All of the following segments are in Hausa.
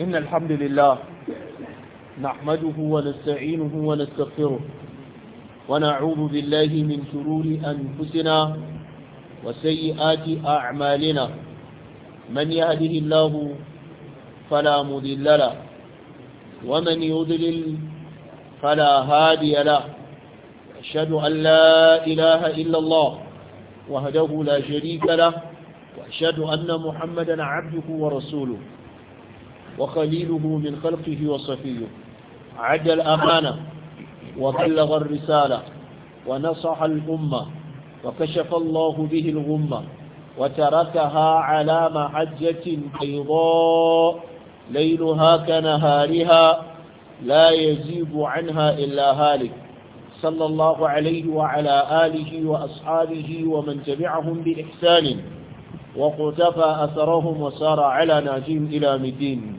إن الحمد لله نحمده ونستعينه ونستغفره ونعوذ بالله من شرور أنفسنا وسيئات أعمالنا من يهده الله فلا مذل له ومن يضلل فلا هادي له أشهد أن لا إله إلا الله وهده لا شريك له وأشهد أن محمدا عبده ورسوله وخليله من خلقه وصفيه عد الأمانة وبلغ الرسالة ونصح الأمة وكشف الله به الغمة وتركها على محجة بيضاء ليلها كنهارها لا يزيب عنها إلا هالك صلى الله عليه وعلى آله وأصحابه ومن تبعهم بإحسان وقتفى أثرهم وسار على ناجيم إلى مدين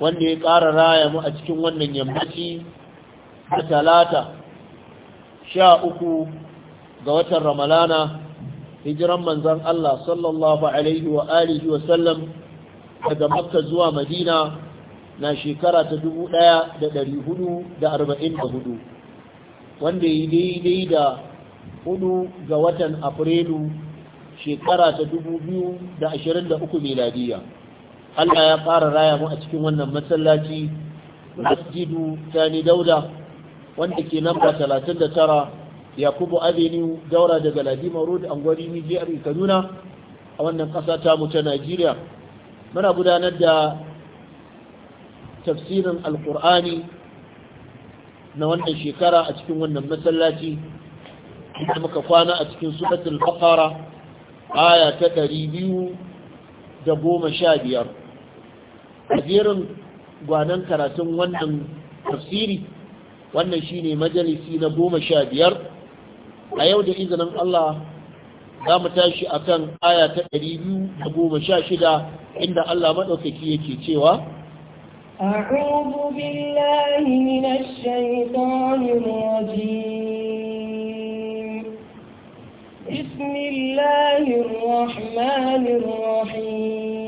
wanda ya ƙara raya mu a cikin wannan yammaci da talata sha uku ga watan ramalana hijiran manzan Allah sallallahu alaihi wa alihi daga makka zuwa madina na shekara ta dubu ɗaya da da da arba'in da hudu, wanda ya daidai da hudu ga watan afrilu shekara ta dubu biyu da da uku miladiya Allah ya fara raya mu a cikin wannan masallaci masjidu tani dauda wanda ke namba tara, yakubu avenue daura daga ladima road angwari ni jihar kaduna a wannan ƙasa ta mu ta najeriya muna gudanar da tafsirin alkur'ani na wannan shekara a cikin wannan masallaci da muka kwana a cikin suratul baqara aya ta 215 a jerin gwanon karatun wannan tafsiri wannan shine majalisi na goma sha biyar a yau da izinin Allah za mu tashi a kan aya ta ɗari biyu da goma sha shida inda Allah maɗaukaki yake cewa أعوذ بالله من الشيطان الرجيم بسم الله الرحمن الرحيم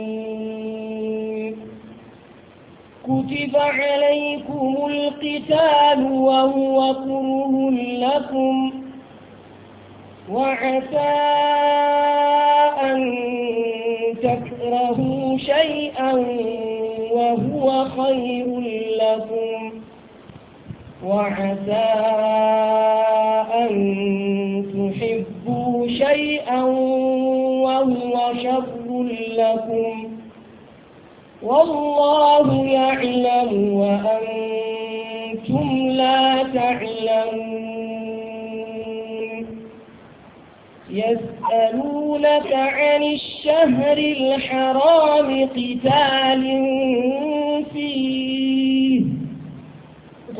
كتب عليكم القتال وهو كره لكم وعسى أن تكرهوا شيئا وهو خير لكم وعسى أن تحبوا شيئا وهو شر لكم والله يعلم وأنتم لا تعلمون يسألونك عن الشهر الحرام قتال فيه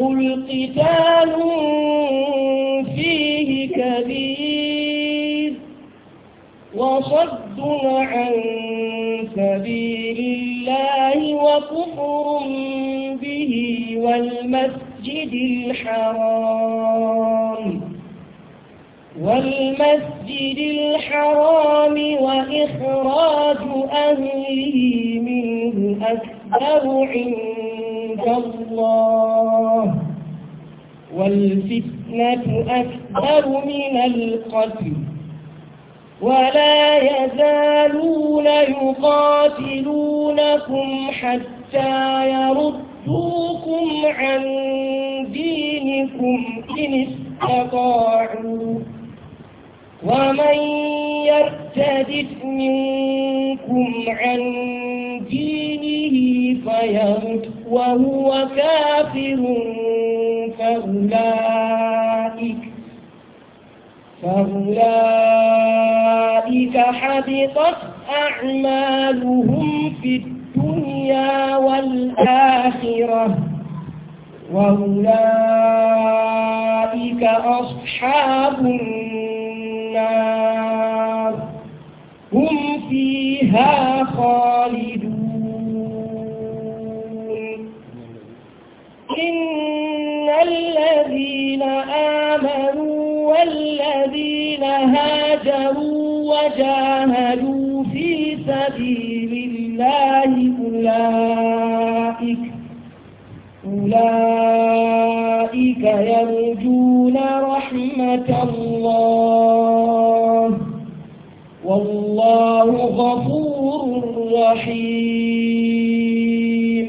قل قتال فيه كبير وصد عن الحرام والمسجد الحرام وإخراج أهله منه أكبر عند الله والفتنة أكبر من القتل ولا يزالون يقاتلونكم حتى يردوكم عن منكم إن استطاعوا ومن يرتد منكم عن دينه فيمت وهو كافر فأولئك فأولئك حبطت أعمالهم في الدنيا والآخرة وأولئك أصحاب النار هم فيها خالدون إن الذين آمنوا والذين هاجروا وجاهدوا في سبيل الله أولئك أولئك يرجون رحمة الله والله غفور رحيم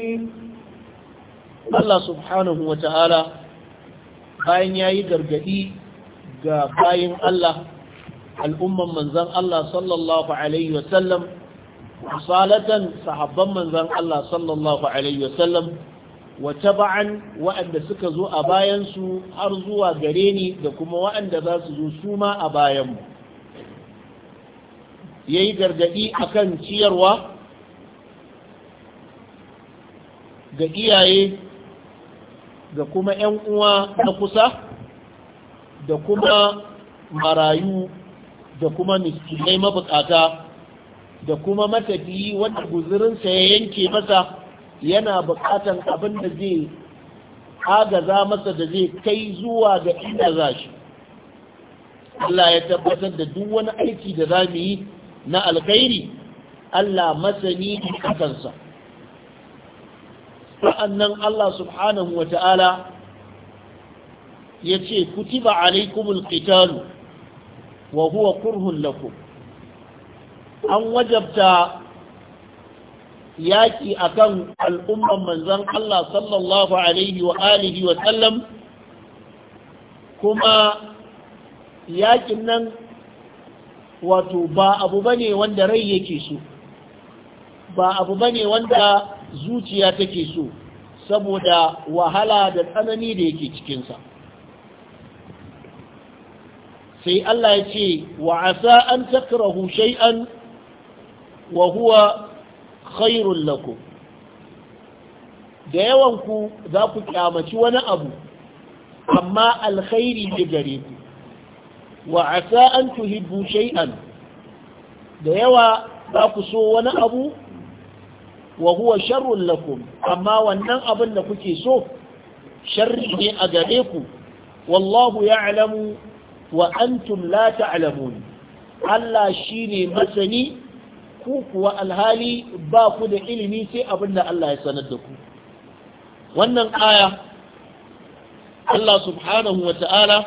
الله سبحانه وتعالى bayan ya yi gargadi ga bayan Allah al'umman manzan Allah sallallahu Alaihi wasallam misalatan sahabban manzan Allah sallallahu Alaihi wasallam wa taba'an wa'anda suka zo a bayansu har zuwa gare ni da kuma wa'anda za su zo su ma a bayanmu ya yi gargaɗi a kan ciyarwa ga iyaye ga kuma 'yan uwa na kusa da kuma marayu da kuma miskinai mabukata da kuma matafiyi wanda guzurinsa ya yanke masa yana bukatan abin da zai agaza masa da zai kai zuwa ga inda za shi Allah ya tabbatar da duk wani aiki da za mu yi na alkhairi Allah masani a kansa sa'annan Allah subhanahu wa ta'ala ya ce kutiba alaikumul qitalu wa huwa kurhun lakum an wajabta yaki akan al'umman manzon Allah sallallahu alaihi wa alihi wa sallam kuma yakin nan wato ba abu bane wanda rai yake so ba abu bane wanda zuciya take so saboda wahala da tsanani da yake cikinsa sai Allah ya ce wa asa an takrahu shay'an wa huwa khairun lakum da yawan ku za ku kyamaci wani abu amma alkhairi ne gare ku wa asa an tuhibbu shay'an da yawa za ku so wani abu wa huwa sharrun lakum amma wannan abin da kuke so sharri ne a gare ku wallahu ya'lamu wa antum la ta'lamun Allah shine masani ku kuwa alhali ba ku da ilimi sai abin da Allah ya sanar da ku wannan aya Allah subhanahu wa ta'ala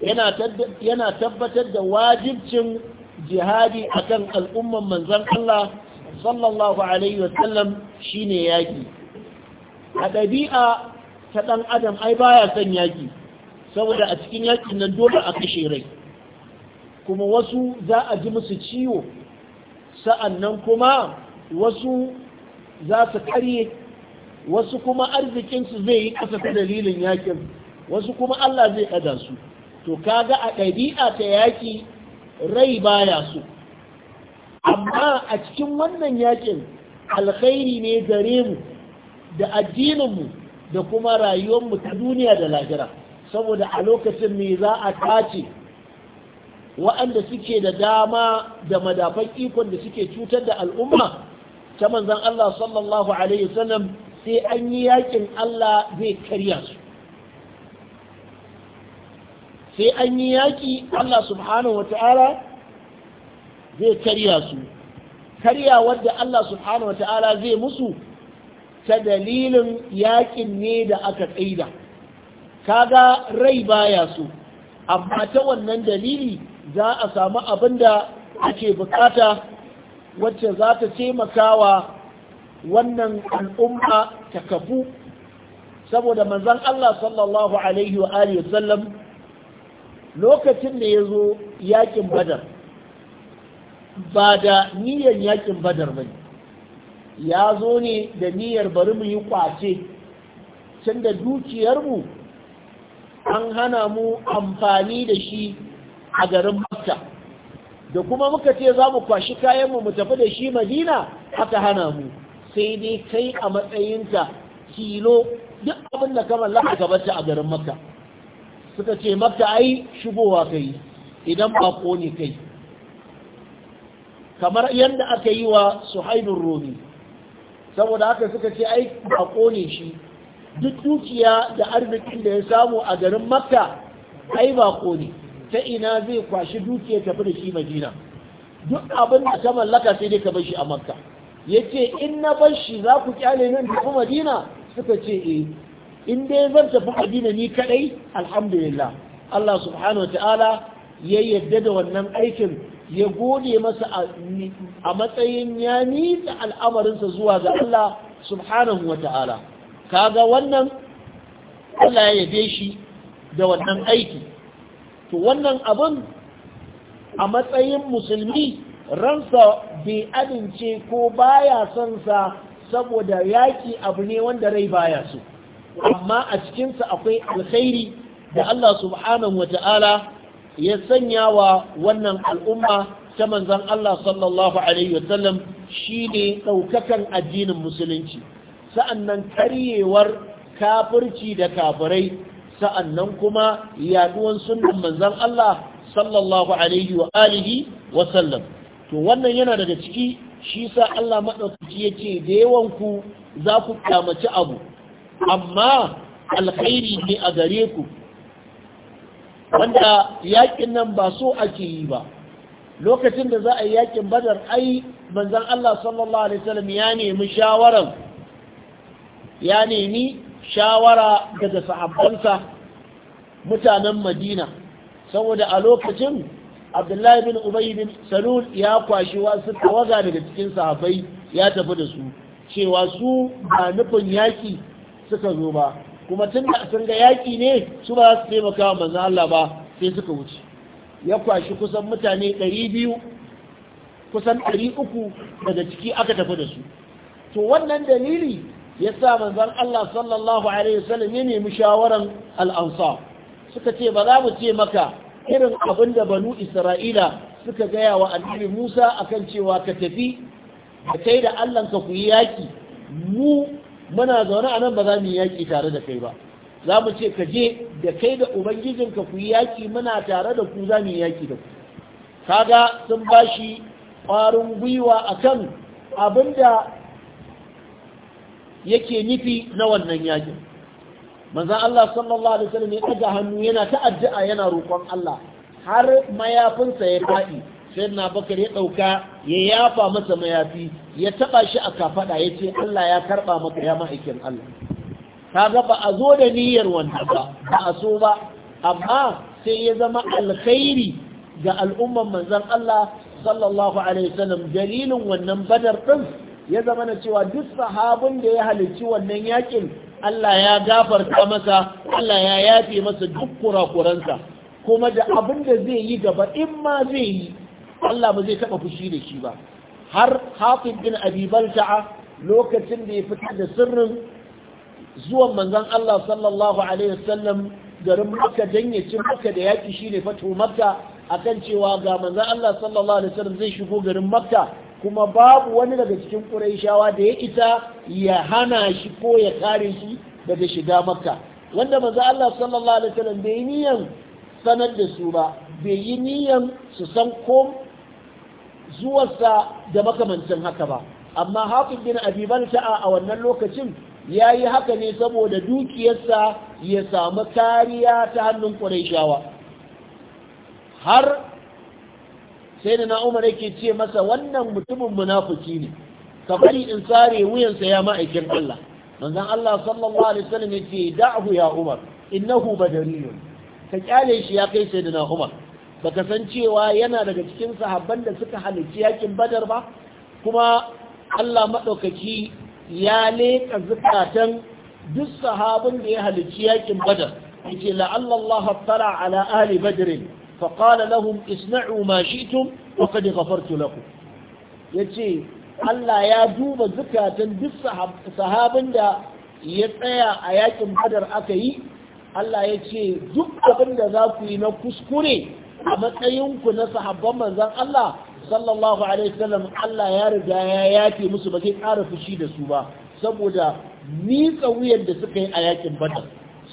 yana tabbatar da wajibcin jihadi akan al'umman manzan Allah sallallahu alaihi wasallam shine yaki a ɗabi'a ta ɗan adam ai baya son yaki saboda a cikin yakin nan dole a kashe rai kuma wasu za a ji musu ciwo sa'annan kuma wasu za su karye wasu kuma arzikinsu zai yi ƙasa ta dalilin yakin wasu kuma Allah zai ɗaga su to kaga a ɗabi'a ta yaƙi rai baya su. amma a cikin wannan yakin alkhairi ne gare mu da mu da kuma rayuwarmu ta duniya da lahira saboda a lokacin ne za a tace wa'anda suke da dama da madafan ikon da suke cutar da al'umma ta manzan Allah sallallahu alaihi wasallam sai an yi yakin Allah zai karya su sai an yi yaki Allah subhanahu wata'ala zai karya su karya wadda Allah subhanahu wata'ala zai musu ta dalilin yakin ne da aka tsaida kaga rai baya su amma ta wannan dalili za a samu abin da ake bukata wacce za ta taimakawa wannan al'umma ta kafu saboda manzan Allah sallallahu alaihi wa sallam lokacin da ya zo yakin badar ba da niyyar yakin badar ba ya zo ne da niyyar bari mu yi kwace tun da dukiyarmu an hana mu amfani da shi a garin makka da kuma muka ce za mu kwashi kayan mu mu tafi da shi madina aka hana mu sai dai kai a matsayinta kilo duk abin da ka mallaka ka barta a garin makka suka ce makka ai shigowa kai idan ba ne kai kamar yadda aka yi wa suhaibin romi saboda haka suka ce ai ba ne shi duk dukiya da arzikin da ya samu a garin makka ai ba ne ta ina zai kwashi ya tafi da shi madina duk abin da ta mallaka sai dai ka bar shi a makka ya ce in na bar shi za ku kyale nan tafi madina suka ce eh in dai zan tafi madina ni kadai alhamdulillah Allah subhanahu wa ta'ala ya yadda da wannan aikin ya gode masa a matsayin ya nisa al'amarinsa zuwa ga Allah subhanahu wa ta'ala kaga wannan Allah ya yade shi da wannan aiki to wannan abin a matsayin musulmi ransa bai amince ko baya son sa saboda yaki abu ne wanda rai baya so amma a cikinsa akwai alkhairi da Allah subhanahu wa ta'ala ya sanya wa wannan al'umma ta manzan Allah sallallahu Alaihi sallam shi ne ɗaukakan addinin musulunci sa'annan karyewar kafirci da kafirai sa'annan kuma yaduwan sunnan manzon Allah sallallahu alaihi wa alihi wa sallam to wannan yana daga ciki shi sa Allah madaukaki yake da yawan ku za ku kamaci abu amma alkhairi ne a gare ku wanda yakin nan ba so ake yi ba lokacin da za a yi yakin badar ai manzon Allah sallallahu alaihi wasallam ya nemi shawaran ya nemi shawara daga sahabbansa mutanen madina saboda a lokacin abdullahi bin Ubaibin bin salul ya kwashi wasu tawaga daga cikin sahabbai ya tafi da su cewa su ba nufin yaƙi suka zo ba kuma tun da sun ga yaƙi ne su ba su taimaka wa manzan Allah ba sai suka wuce ya kwashi kusan mutane 200 kusan 300 daga ciki aka tafi da su to wannan dalili ya sa Allah sallallahu alaihi wasallam ya nemi shawaran al-ansar suka ce ba za mu ce maka irin abin da banu isra'ila suka gaya wa annabi musa akan cewa ka tafi da kai da allahnka ku yi yaƙi mu muna zaune a nan ba za mu yi yaƙi tare da kai ba za mu ce ka je da kai da ubangijinka ku yi yaƙi muna tare da ku za mu yi yaƙi da ku kaga sun bashi shi ƙwarin gwiwa akan abin da yake nufi na wannan yaƙin manzan Allah sallallahu alaihi wasallam ya ɗaga hannu yana ta yana roƙon Allah har mayafinsa ya faɗi sai na bakar ya ɗauka ya yafa masa mayafi ya taɓa shi a kafaɗa ya ce Allah ya karɓa maka ya ma'aikin Allah kaga ba a zo da niyyar wanda ba ba a so ba amma sai ya zama alkhairi ga al'umman manzan Allah sallallahu alaihi wasallam dalilin wannan badar ɗin ya zama na cewa duk sahabin da ya halicci wannan yakin Allah ya gafarta masa Allah ya yafe masa duk kurakuransa kuma da abin da zai yi gaba in ma zai yi Allah ba zai taba fushi da shi ba har Hafiz bin Abi Balta'a lokacin da ya fita da sirrin zuwan manzon Allah sallallahu alaihi wasallam garin Makka dan ya ci Makka da yaki shine fatu Makka akan cewa ga manzon Allah sallallahu alaihi wasallam zai shigo garin Makka kuma babu wani daga cikin ƙuraishawa da ya ita ya hana shi ko ya kare shi daga shiga makka wanda maza Allah sallallahu alaihi wasallam bai yi niyan sanar da su ba bai yi niyan su san ko zuwarsa da makamancin haka ba amma hafiz bin abi a wannan lokacin ya yi haka ne saboda dukiyarsa ya samu kariya ta hannun ƙuraishawa har sai da na'umar yake ce masa wannan mutumin munafuki ne ka bari in sare wuyansa ya ma'aikin Allah manzon Allah sallallahu alaihi wasallam yace da'hu ya Umar innahu badariyun ka kyale shi ya kai sayyidina Umar baka san cewa yana daga cikin sahabban da suka halarci yakin Badar ba kuma Allah madaukaki ya leka zakatan duk sahabin da ya halarci yakin Badar yace la'alla Allah tala ala ahli badr فقال لهم اصنعوا ما شئتم وقد غفرت لكم yace Allah ya duba zukatan duk sahabin da ya tsaya a yaƙin Badar aka yi Allah ya ce duk abin da za ku yi na kuskure a matsayinku na sahabban manzon Allah sallallahu alaihi wasallam Allah ya riga ya yafe musu ba zai ƙara fushi da su ba saboda ni tsawiyar da suka yi a yaƙin Badar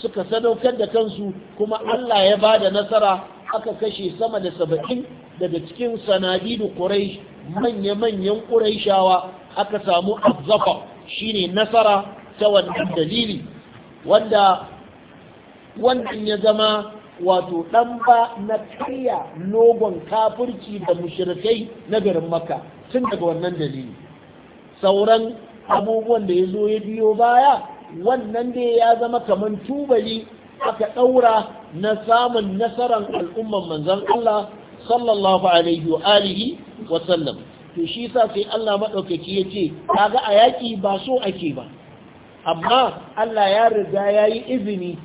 suka sadaukar da kansu kuma Allah ya ba da nasara aka kashe sama da saba'in daga cikin sanadidu Quraysh manya-manyan Qurayshawa aka samu azzafa shine nasara ta wannan dalili wanda wannan ya zama wato ɗan ba na karya nogon kafirci da mushirikai na garin makka tun daga wannan dalili sauran abubuwan da ya zo ya biyo baya wannan dai ya zama kamar tubali aka ɗaura na samun nasarar al'umman manzan Allah sallallahu alaihi wa alihi wa sallam to shi sa sai Allah maɗaukaki ya ce kaga a yaƙi ba so ake ba amma Allah ya riga ya yi izini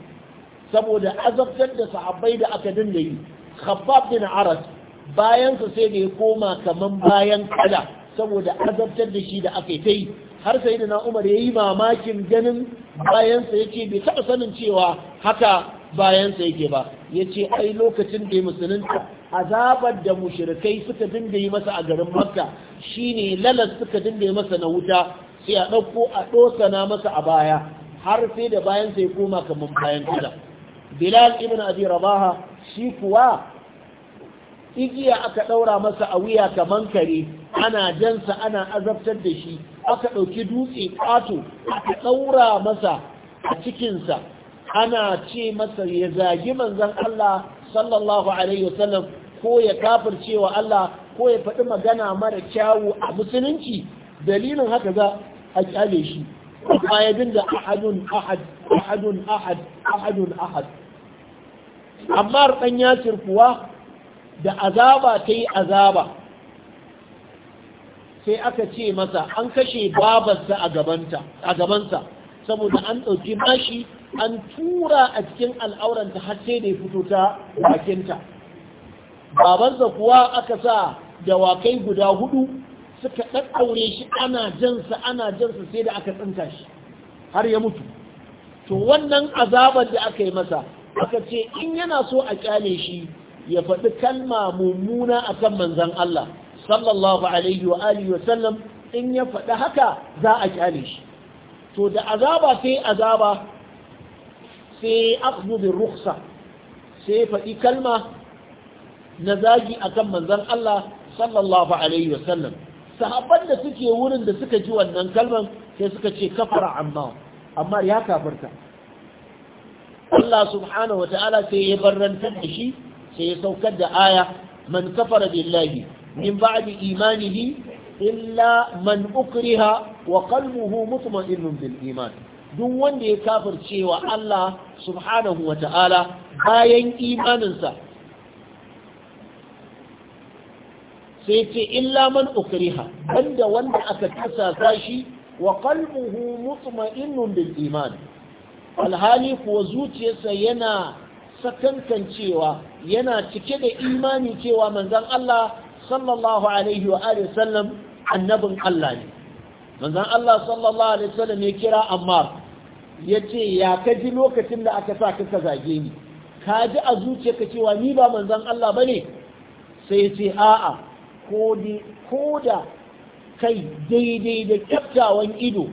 saboda azabtar da sahabbai da aka dinga yi khabbab bin aras bayansa sai da ya koma kaman bayan kada saboda azabtar da shi da aka yi har sai da na umar ya yi mamakin ganin bayansa yake bai taɓa sanin cewa haka bayansa yake ba ya ce ai lokacin da ya musulunta azabar da mushrikai suka dinga yi masa a garin makka shine lalas suka dinga yi masa na wuta sai a ɗauko a ɗosana masa a baya har sai da bayansa ya koma kamar bayan kula bilal ibn abi rabaha shi kuwa igiya aka ɗaura masa a wuya kamar kare ana jansa ana azabtar da shi aka ɗauki dutse ƙato aka ɗaura masa a cikinsa ana ce masa ya zagi manzan Allah sallallahu alaihi wasallam ko ya kafirce wa Allah ko ya faɗi magana mara kyawu a musulunci dalilin haka za a kyale shi amma ya dinga ahadun ahad ahadun ahad ahadun ahad amma ɗan yasir kuwa da azaba ta yi azaba sai aka ce masa an kashe babarsa a gabansa saboda an ɗauki mashi an tura a cikin al'auranta har sai da ya fito ta bakinta babansa kuwa aka sa dawakai guda hudu suka ɗaɗɗaure shi ana jansa ana jansa sai da aka tsinka shi har ya mutu to wannan azabar da aka yi masa aka ce in yana so a kyale shi ya faɗi kalma mummuna akan manzan Allah sallallahu alaihi wa alihi wa sallam in ya faɗi haka za a kyale shi to da azaba sai azaba sai akhdhu bir rukhsa sai faɗi kalma na zagi akan manzon Allah sallallahu alaihi wa sallam sahabban da suke wurin da suka ji wannan kalman sai suka ce kafara amma amma ya kafarta. Allah subhanahu wa ta'ala sai ya barrantar da shi sai ya saukar da aya man kafara billahi min ba'di imanihi illa man ukriha wa qalbuhu mutma'innun bil iman duk wanda ya kafirce wa Allah subhanahu wa ta'ala bayan imaninsa sai ce illa man ukriha banda wanda aka kasasa shi wa qalbuhu mutma'innun bil iman alhali kuwa zuciyarsa yana sakankancewa yana cike da imani cewa manzon Allah sallallahu alaihi wa alihi sallam annabin Allah ne manzon Allah sallallahu alaihi sallam ya kira Ammar yace ya kaji lokacin da aka sa ka zage ni ka ji a zuciyarka cewa ni ba manzon Allah bane sai yace a'a ko ko da kai daidai da kyaftawan ido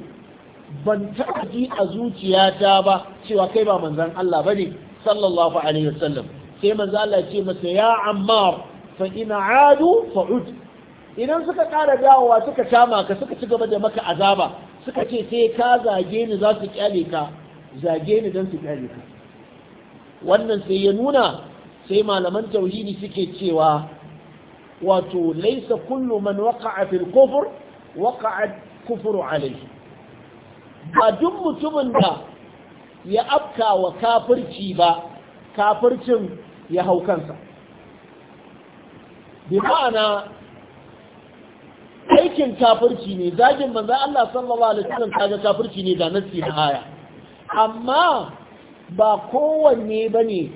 ban taɓa ji a zuciyata ba cewa kai ba manzon Allah bane sallallahu alaihi wasallam sai manzo Allah ya ce masa ya Ammar fa adu idan suka ƙara dawowa suka kama ka suka ci gaba da maka azaba suka ce sai ka zage ni za su kyale ka zage ni don su kyale ka wannan sai ya nuna sai malaman tauhidi suke cewa wato laisa kullu man waqa'a fil kufr waqa'a kufru alayhi ba duk mutumin da ya afka wa kafirci ba kafircin ya hau kansa bi ma'ana aikin kafirci ne zagin manzan Allah sallallahu alaihi wasallam kaga kafirci ne da nasi na haya amma ba kowanne bane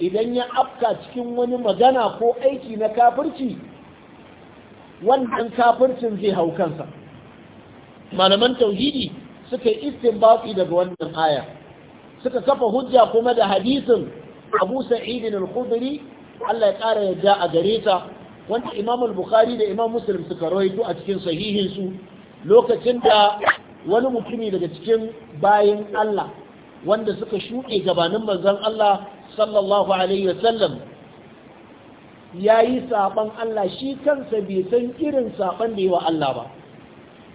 idan ya afka cikin wani magana ko aiki na kafirci wannan kafircin zai hau kansa malaman tauhidi suka yi istinbati daga wannan aya suka kafa hujja kuma da hadisin Abu Sa'id al-Khudri Allah ya ƙara yadda a gare ta wanda Imam al-Bukhari da Imam Muslim suka rawaito a cikin sahihin su lokacin da wani mutumi daga cikin bayin Allah wanda suka shuɗe gabanin manzon Allah sallallahu alaihi wasallam ya yi saɓan Allah shi kansa bai san irin saɓan da yi wa Allah ba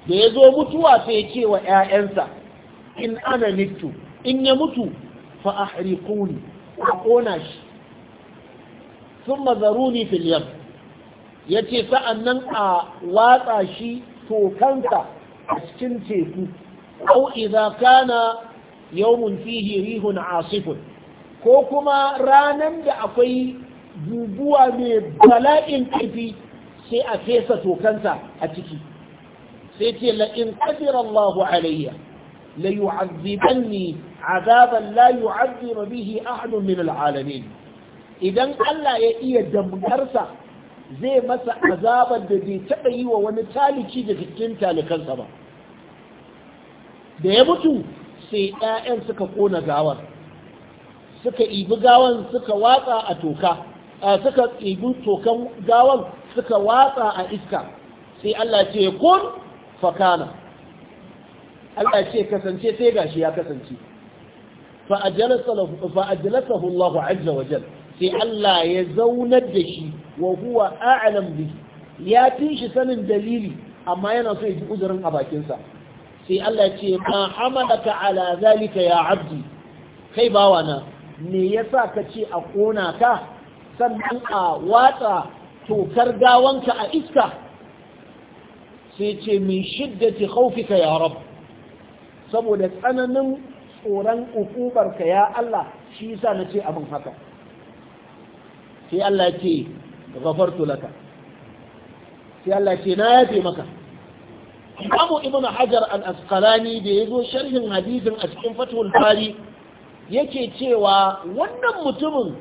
da ya zo mutuwa sai ce wa ‘ya'yansa in ana nittu in ya mutu fa a a ƙona shi thumma zaruni fil ya yace sa'annan a watsa shi tokansa a cikin teku ko iza kana yawmun fihi rihun asifun ko kuma ranan da akwai guguwa mai bala'in ƙarfi sai a fesa tokansa a ciki sai ce la'in ƙadira Allahu alayya la yu'azzibanni azaban la yu'azzibu bihi ahadun min al'alamin idan Allah ya iya damgarsa zai masa azabar da bai taɓa yi wa wani taliki da cikin talikansa ba da ya mutu sai 'ya'yan suka ƙona gawar suka ibi gawan suka watsa a toka suka ibi tokan gawan suka watsa a iska sai Allah ce kun fakana Allah ce kasance sai gashi ya kasance fa ajalasahu Allah azza wa jalla sai Allah ya zaunar da shi wa huwa a'lam bi ya fi shi sanin dalili amma yana so ya ji uzurin a bakinsa sai Allah ce ma hamalaka ala zalika ya abdi kai bawana me yasa ka ce a kona ka sannan a watsa tokar gawanka a iska sai ce min shiddati khawfika ya rab saboda tsananin tsoron ukubarka ya Allah shi yasa nace abin haka sai Allah ya ce ghafartu laka sai Allah ce na yafe maka Abu Ibn Hajar al-Asqalani da zo sharhin hadisin a cikin Fathul Bari yake cewa wannan mutumin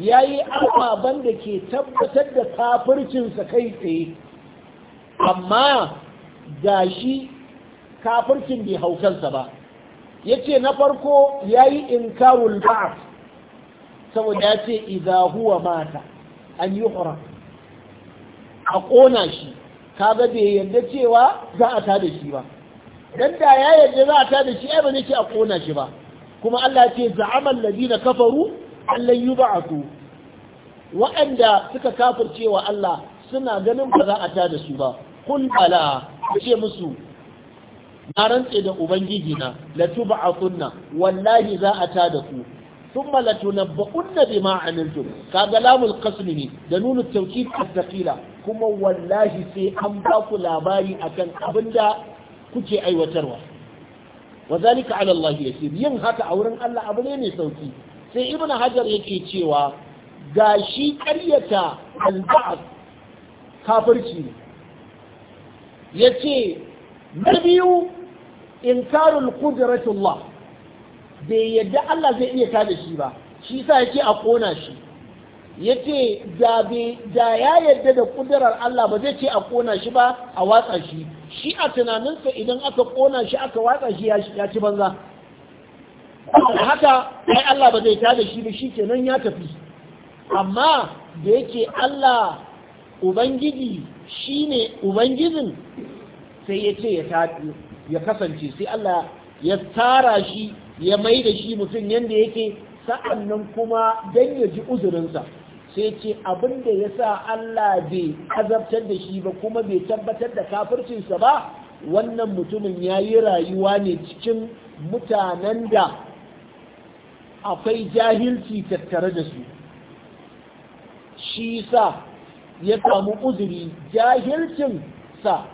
yayi ababan da ke tabbatar da kafirkinsa kai tsaye amma gashi kafircin bai haukansa ba yace na farko yayi inkarul ba'th saboda ya ce idza mata an yuhra a ƙona shi ga bai yarda cewa za a tada shi ba dan da ya yarda za a tada shi ai ba nake a kona shi ba kuma Allah ce za'ama alladina kafaru a yub'atu wa'anda suka cewa Allah suna ganin ba za a tada su ba kun bala ce musu na rantse da ubangiji na a kunna, wallahi za a tada su. ثم لتنبؤن بما عملتم كذا لام القسم ne da nuna tawkid al-thaqila kuma wallahi sai an ba ku labari akan abinda kuke aiwatarwa wazalika ala Allah yasir yin haka a wurin Allah abu ne mai sauki sai ibn hajar yake cewa gashi ƙaryata al-ba'd kafirci yace na biyu inkarul qudratullah bai yadda Allah zai iya tada shi ba shi sa yake a kona shi yace da da ya yadda da kudurar Allah ba zai ce a kona shi ba a watsa shi shi a tunaninsa idan aka kona shi aka watsa shi ya ci banza haka ai Allah ba zai tada shi ba shi kenan ya tafi amma da yake Allah ubangiji shine ubangijin sai ya ce ya kasance sai Allah ya tara shi ya mai da shi mutum yadda yake sa'an nan kuma don ya ji uzurinsa sai ce abin da ya sa Allah bai azabtar da shi ba kuma bai tabbatar da kafircinsa ba wannan mutumin ya yi rayuwa ne cikin mutanen da akwai jahilci tattare da su shi sa ya samu uzuri jahilcinsa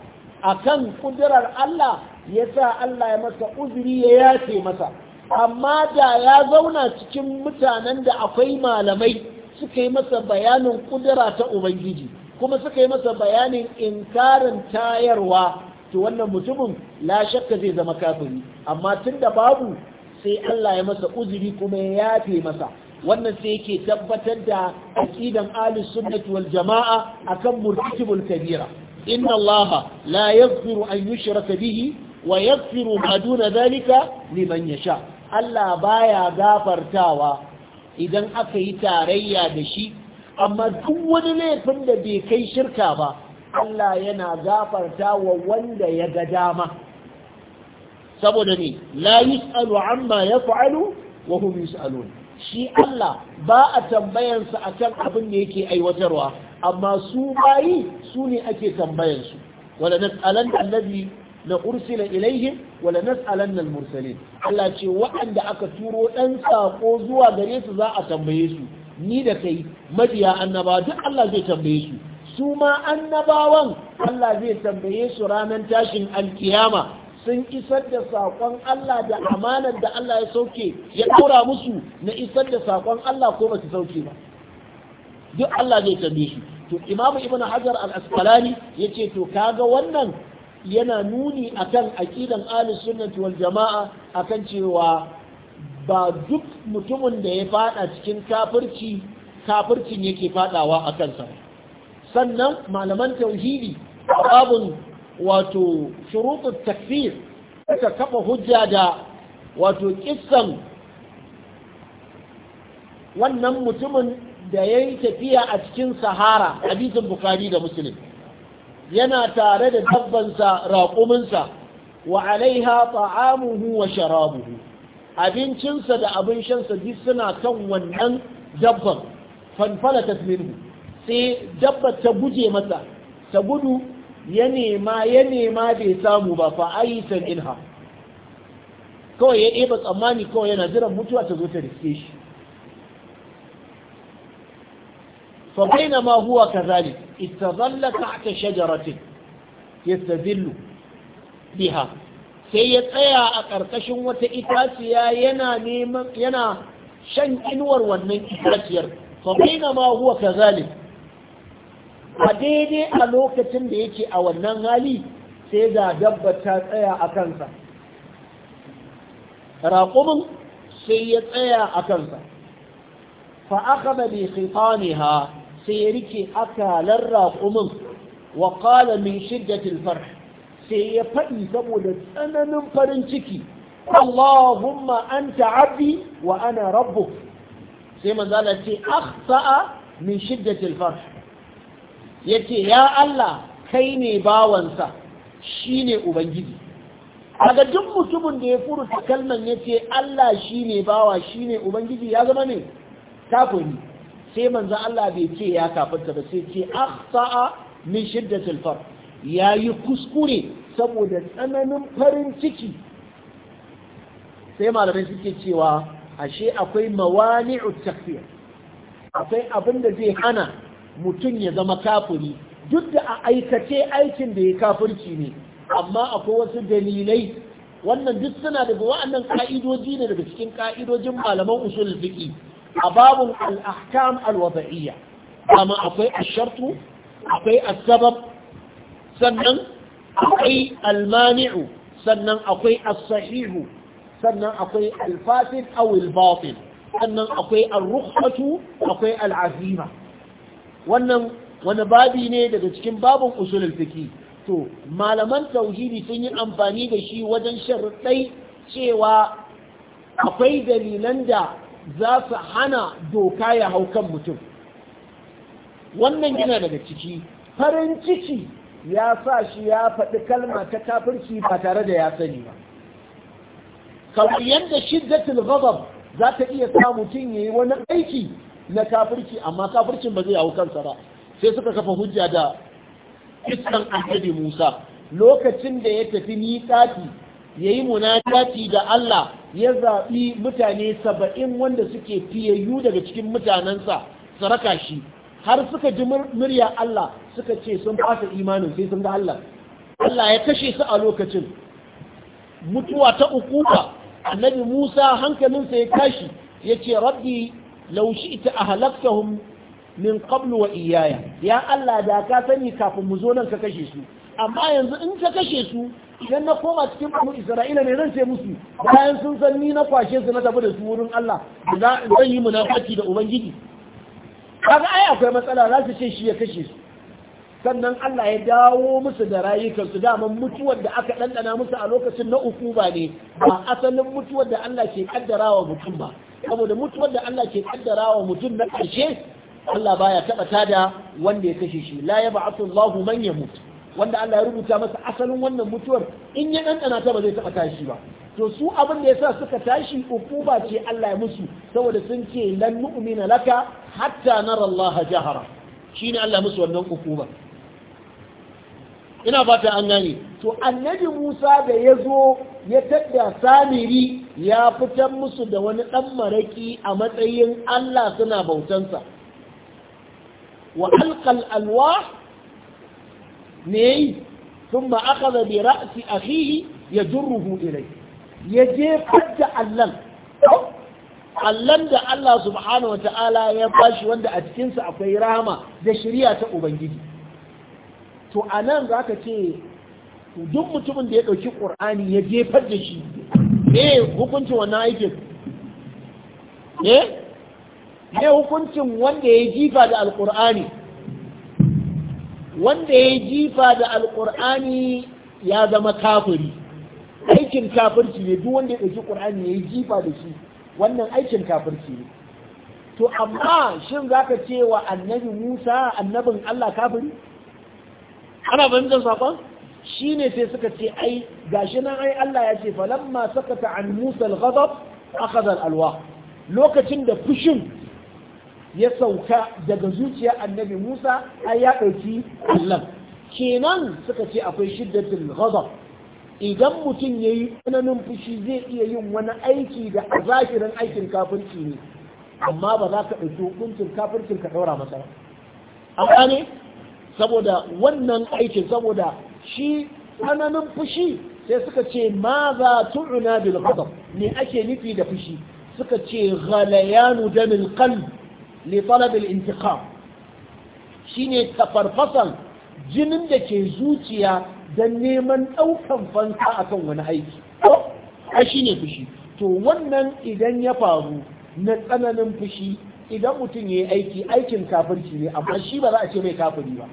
a kan ƙudurar Allah ya sa Allah ya masa uzuri ya yace masa amma da ya zauna cikin mutanen da akwai malamai suka yi masa bayanin kudura ta ubangiji kuma suka yi masa bayanin inkarin tayarwa to wannan mutumin la shakka zai zama kafiri amma tun da babu sai Allah ya masa uzuri kuma ya yafe masa wannan sai yake tabbatar da aqidan ahli sunnati wal jamaa akan murtikibul kabira inna allaha la yaghfiru an yushraka bihi wa yaghfiru ma duna dhalika liman yasha Allah baya gafartawa idan aka yi tarayya da shi amma duk wani laifin da bai kai shirka ba Allah yana gafartawa wanda ya ga dama saboda ne la yus'alu amma yaf'alu wa hum yus'alun shi Allah ba a tambayansa akan abin da yake aiwatarwa amma su bayi su ne ake tambayansu wala nas'alan allazi Na ursila ilaihim wala la al-mursalin Allah ce waɗanda aka turo dan sako zuwa gare su za a tambaye su ni da kai mabiya annaba duk Allah zai tambaye su su ma annabawan Allah zai tambaye su ranar tashin alkiyama sun isar da saƙon Allah da amanar da Allah ya sauke ya ɗaura musu na isar da saƙon Allah ko ba su sauke ba duk Allah zai tambaye su to imamu ibn hajar al-asqalani yace to kaga wannan yana nuni akan aƙidan Ali sunnati wal jama'a akan cewa ba duk mutumin da ya fada cikin kafirci kafircin yake fadawa a kansa sannan malaman tauhidi babun wato shurutut takfir suka kafa hujja da wato kissan wannan mutumin da ya yi tafiya a cikin sahara hadisin Bukhari da Musulmi. yana tare da dabbansa raƙuminsa wa alaiha ta'amuhu wa sharabuhu abincinsa da abin shansa duk suna kan wannan dabban ta minhu sai dabbar ta guje masa ta gudu ya nema ya nema bai samu ba fa san inha kawai ya ba tsammani kawai yana jiran mutuwa ta zo ta riske shi فبينما هو كذلك استظل تحت شجرة يستذل بها sai ya tsaya a ƙarƙashin wata itaciya yana neman yana shan inuwar wannan itaciyar fa baina huwa kazalik a daidai a lokacin da yake a wannan hali sai da dabba ta tsaya a kansa raƙumin sai ya tsaya a kansa fa akhadha bi khitaniha sai ya rike akalar raƙumin wa ƙala min shiddatil farh sai ya faɗi saboda tsananin farin ciki Allahumma an ta'abi wa ana rabbuk sai manzala ce akhta'a min shiddatil farh yace ya Allah kai ne bawansa shine ubangiji daga duk mutumin da ya furta kalman yace Allah shine bawa shine ubangiji ya zama ne kafiri sai manzo Allah bai ce ya kafarta ba sai ce akhta'a min shiddatil far yayi kuskure saboda tsananin farin ciki sai malamai suke cewa ashe akwai mawani'u takfir akwai abin da zai hana mutum ya zama kafiri duk da a aikace aikin da ya kafirci ne amma akwai wasu dalilai wannan duk suna daga wa'annan ka'idoji ne daga cikin ka'idojin malaman usul fiqi a babun al'ahkam alwada'iyya amma akwai ashartu akwai asbab sannan akwai almani'u sannan akwai as-sahihu sannan akwai al-fasid aw sannan akwai ar akwai al-azima wannan wani babi ne daga cikin babu usulul to malaman tauhidi sun yi amfani da shi wajen sharuɗai cewa akwai dalilan da za su hana doka ya hau kan mutum wannan gina daga ciki farin ciki ya sa shi ya faɗi kalma ta kafirci ba tare da ya sani ba kamar yadda shiddatul ghadab za ta iya sa mutum yayi wani aiki na kafirci amma kafircin ba zai hau kansa ba sai suka kafa hujja da iskan annabi Musa lokacin da ya tafi miƙati yayi munajati da Allah ya zaɓi mutane saba'in wanda suke fiyayyu daga cikin mutanensa saraka shi har suka ji murya Allah suka ce sun fasa imanin sai sun ga Allah Allah ya kashe su a lokacin mutuwa ta ukuka annabi Musa hankalinsa ya kashi, ya ce rabbi laushi ta ahalaktahum min qablu wa iyaya ya Allah da ka sani kafin mu zo nan ka kashe su amma yanzu in ka kashe su idan na koma cikin banu isra'ila ne zan ce musu bayan sun san ni na kwashe su na tafi da su wurin Allah zan yi munafiki da ubangiji kaga ai akwai matsala za su ce shi ya kashe su sannan Allah ya dawo musu da rayukansu daman mutuwar da aka ɗanɗana musu a lokacin na uku ba ne ba asalin mutuwar da Allah ke kaddara wa mutum ba saboda mutuwar da Allah ke kaddara wa mutum na karshe Allah baya taɓa tada wanda ya kashe shi la ya ba'atu Allahu man yamut wanda Allah ya rubuta masa asalin wannan mutuwar in ya ɗanɗana ta ba zai taɓa tashi ba to su abin da yasa suka tashi ukuba ce Allah ya musu saboda sun ce lan nu'mina laka hatta nara Allah jahara shine Allah musu wannan ukuba ina fata an gane to annabi Musa da ya zo ya tadda samiri ya fitar musu da wani dan maraki a matsayin Allah suna bautansa wa alqal alwah me yayi thumma akhadha bi ra'si akhihi a ilay ya jin ruhu Ya jefar da allan allan da Allah subhanahu ta'ala ya bashi wanda a cikinsa akwai rama da shari'a ta ubangiji to a nan za ka ce duk mutumin da ya ɗauki ƙur'ani ya jefar da shi eh hukuncin wannan aikin eh ne hukuncin wanda ya jifa da alƙur'ani wanda ya jifa da alƙur'ani ya zama kafiri aikin kafirci ne duk wanda ya ɗauki ƙur'ani ya yi jifa da shi wannan aikin kafirci ne to amma shin za ka ce wa annabi musa annabin allah kafiri ana fahimtar saƙon shi ne sai suka ce ai gashi nan ai allah ya ce falamma sakata an musa al-ghadab akhadha al-alwa lokacin da fushin ya sauka daga zuciyar annabi Musa ai ya ɗauki Allah kenan suka ce akwai shiddatul ghadab idan mutum ya yi tsananin fushi zai iya yin wani aiki da a aikin kafirci ne amma ba za ka ɗauki hukuncin kafircin ka ɗaura masa amma ne saboda wannan aikin saboda shi tsananin fushi sai suka ce ma za tu'una bil ghadab ne ake nufi da fushi suka ce ghalayanu damil qalb li talabil intiqam shine tafarfasan jinin da ke zuciya don neman ɗaukan fansa akan wani aiki ai shine fushi to wannan idan ya faru na tsananin fushi idan mutum ya yi aiki aikin kafirci ne amma shi ba a ce mai kafiri ba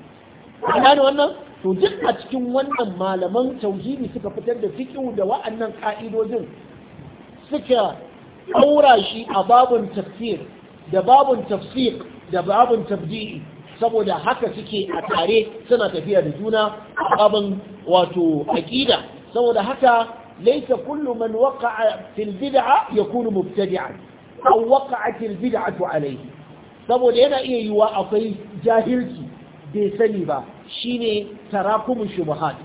ana da wannan to duk a cikin wannan malaman tauhidi suka fitar da fikihu da wa'annan ƙa'idodin, suka aura shi a babin tafsir da babun tafsir da babun tabdi'i saboda haka suke a tare suna tafiya da juna a babin wato aqida saboda haka laysa kullu man waqa'a fil bid'a yakunu mubtadi'an aw waqa'at al bid'atu alayhi saboda yana iya yiwa akwai jahilci bai sani ba shine tarakumu shubuhat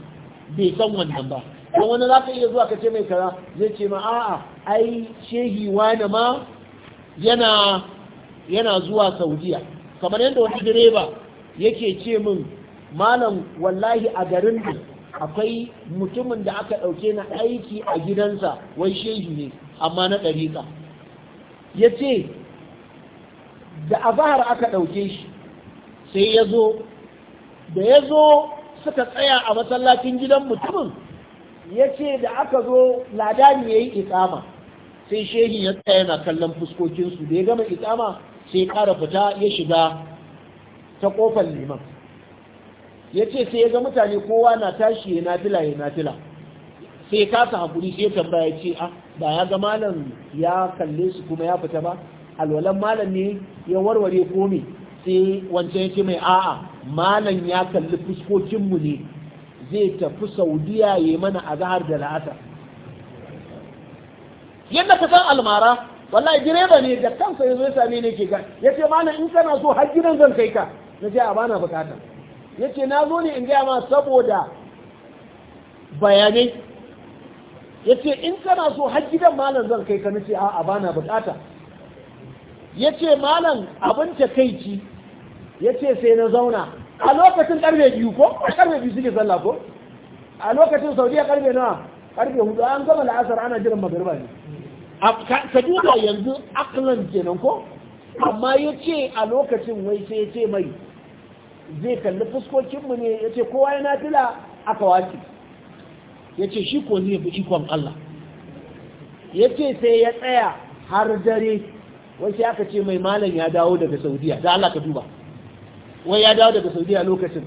bai san wannan ba don wani za ka iya zuwa ka ce mai kaza zai ce ma a'a ai shehi wani ma yana yana zuwa saudiya kamar yadda wani direba yake ce min malam wallahi a garin da akwai mutumin da aka ɗauke na aiki a gidansa wai shehu ne amma na ɗariƙa ya ce da azahar aka ɗauke shi sai ya zo da ya zo suka tsaya a masallacin gidan mutumin ya ce da aka zo ladani ya yi ikama sai shehi ya tsaya yana kallon fuskokinsu da ya gama ikama sai ƙara fita ya shiga ta ƙofar liman ya ce sai ya ga mutane kowa na tashi ya nafila ya nafila sai ya kasa haƙuri sai ya tambaya ce a ah, ba ya ga malam ya kalle su kuma ya fita ba alwalan malam ne ya warware komi sai wancan ya ce mai a'a malam ya kalli fuskokinmu ne zai tafi saudiya ya mana a zahar da la'ata yadda ka san almara wallahi direba ne da kansa ya zo ya same ke kan ya ce mana in kana so har gidan zan kai ka na ce a bana bukata ya ce na zo ne in gaya ma saboda bayanai ya ce in kana so har gidan malam zan kai ka na ce a bana bukata ya ce malam abin takaici ya ce sai na zauna a lokacin karfe biyu ko a karfe biyu suke sallah ko a lokacin saudiya karfe nawa karfe hudu an gama la'asar ana jiran magariba ne ka duba yanzu aklan kenan ko amma ya ce a lokacin wai sai ya ce mai zai kalli fuskokinmu ne ya ce kowa yana fila aka wace ya ce shi ko zai fi ikon Allah ya ce sai ya tsaya har dare wai sai aka ce mai malam ya dawo daga saudiya da Allah ka duba wai ya dawo daga saudiya lokacin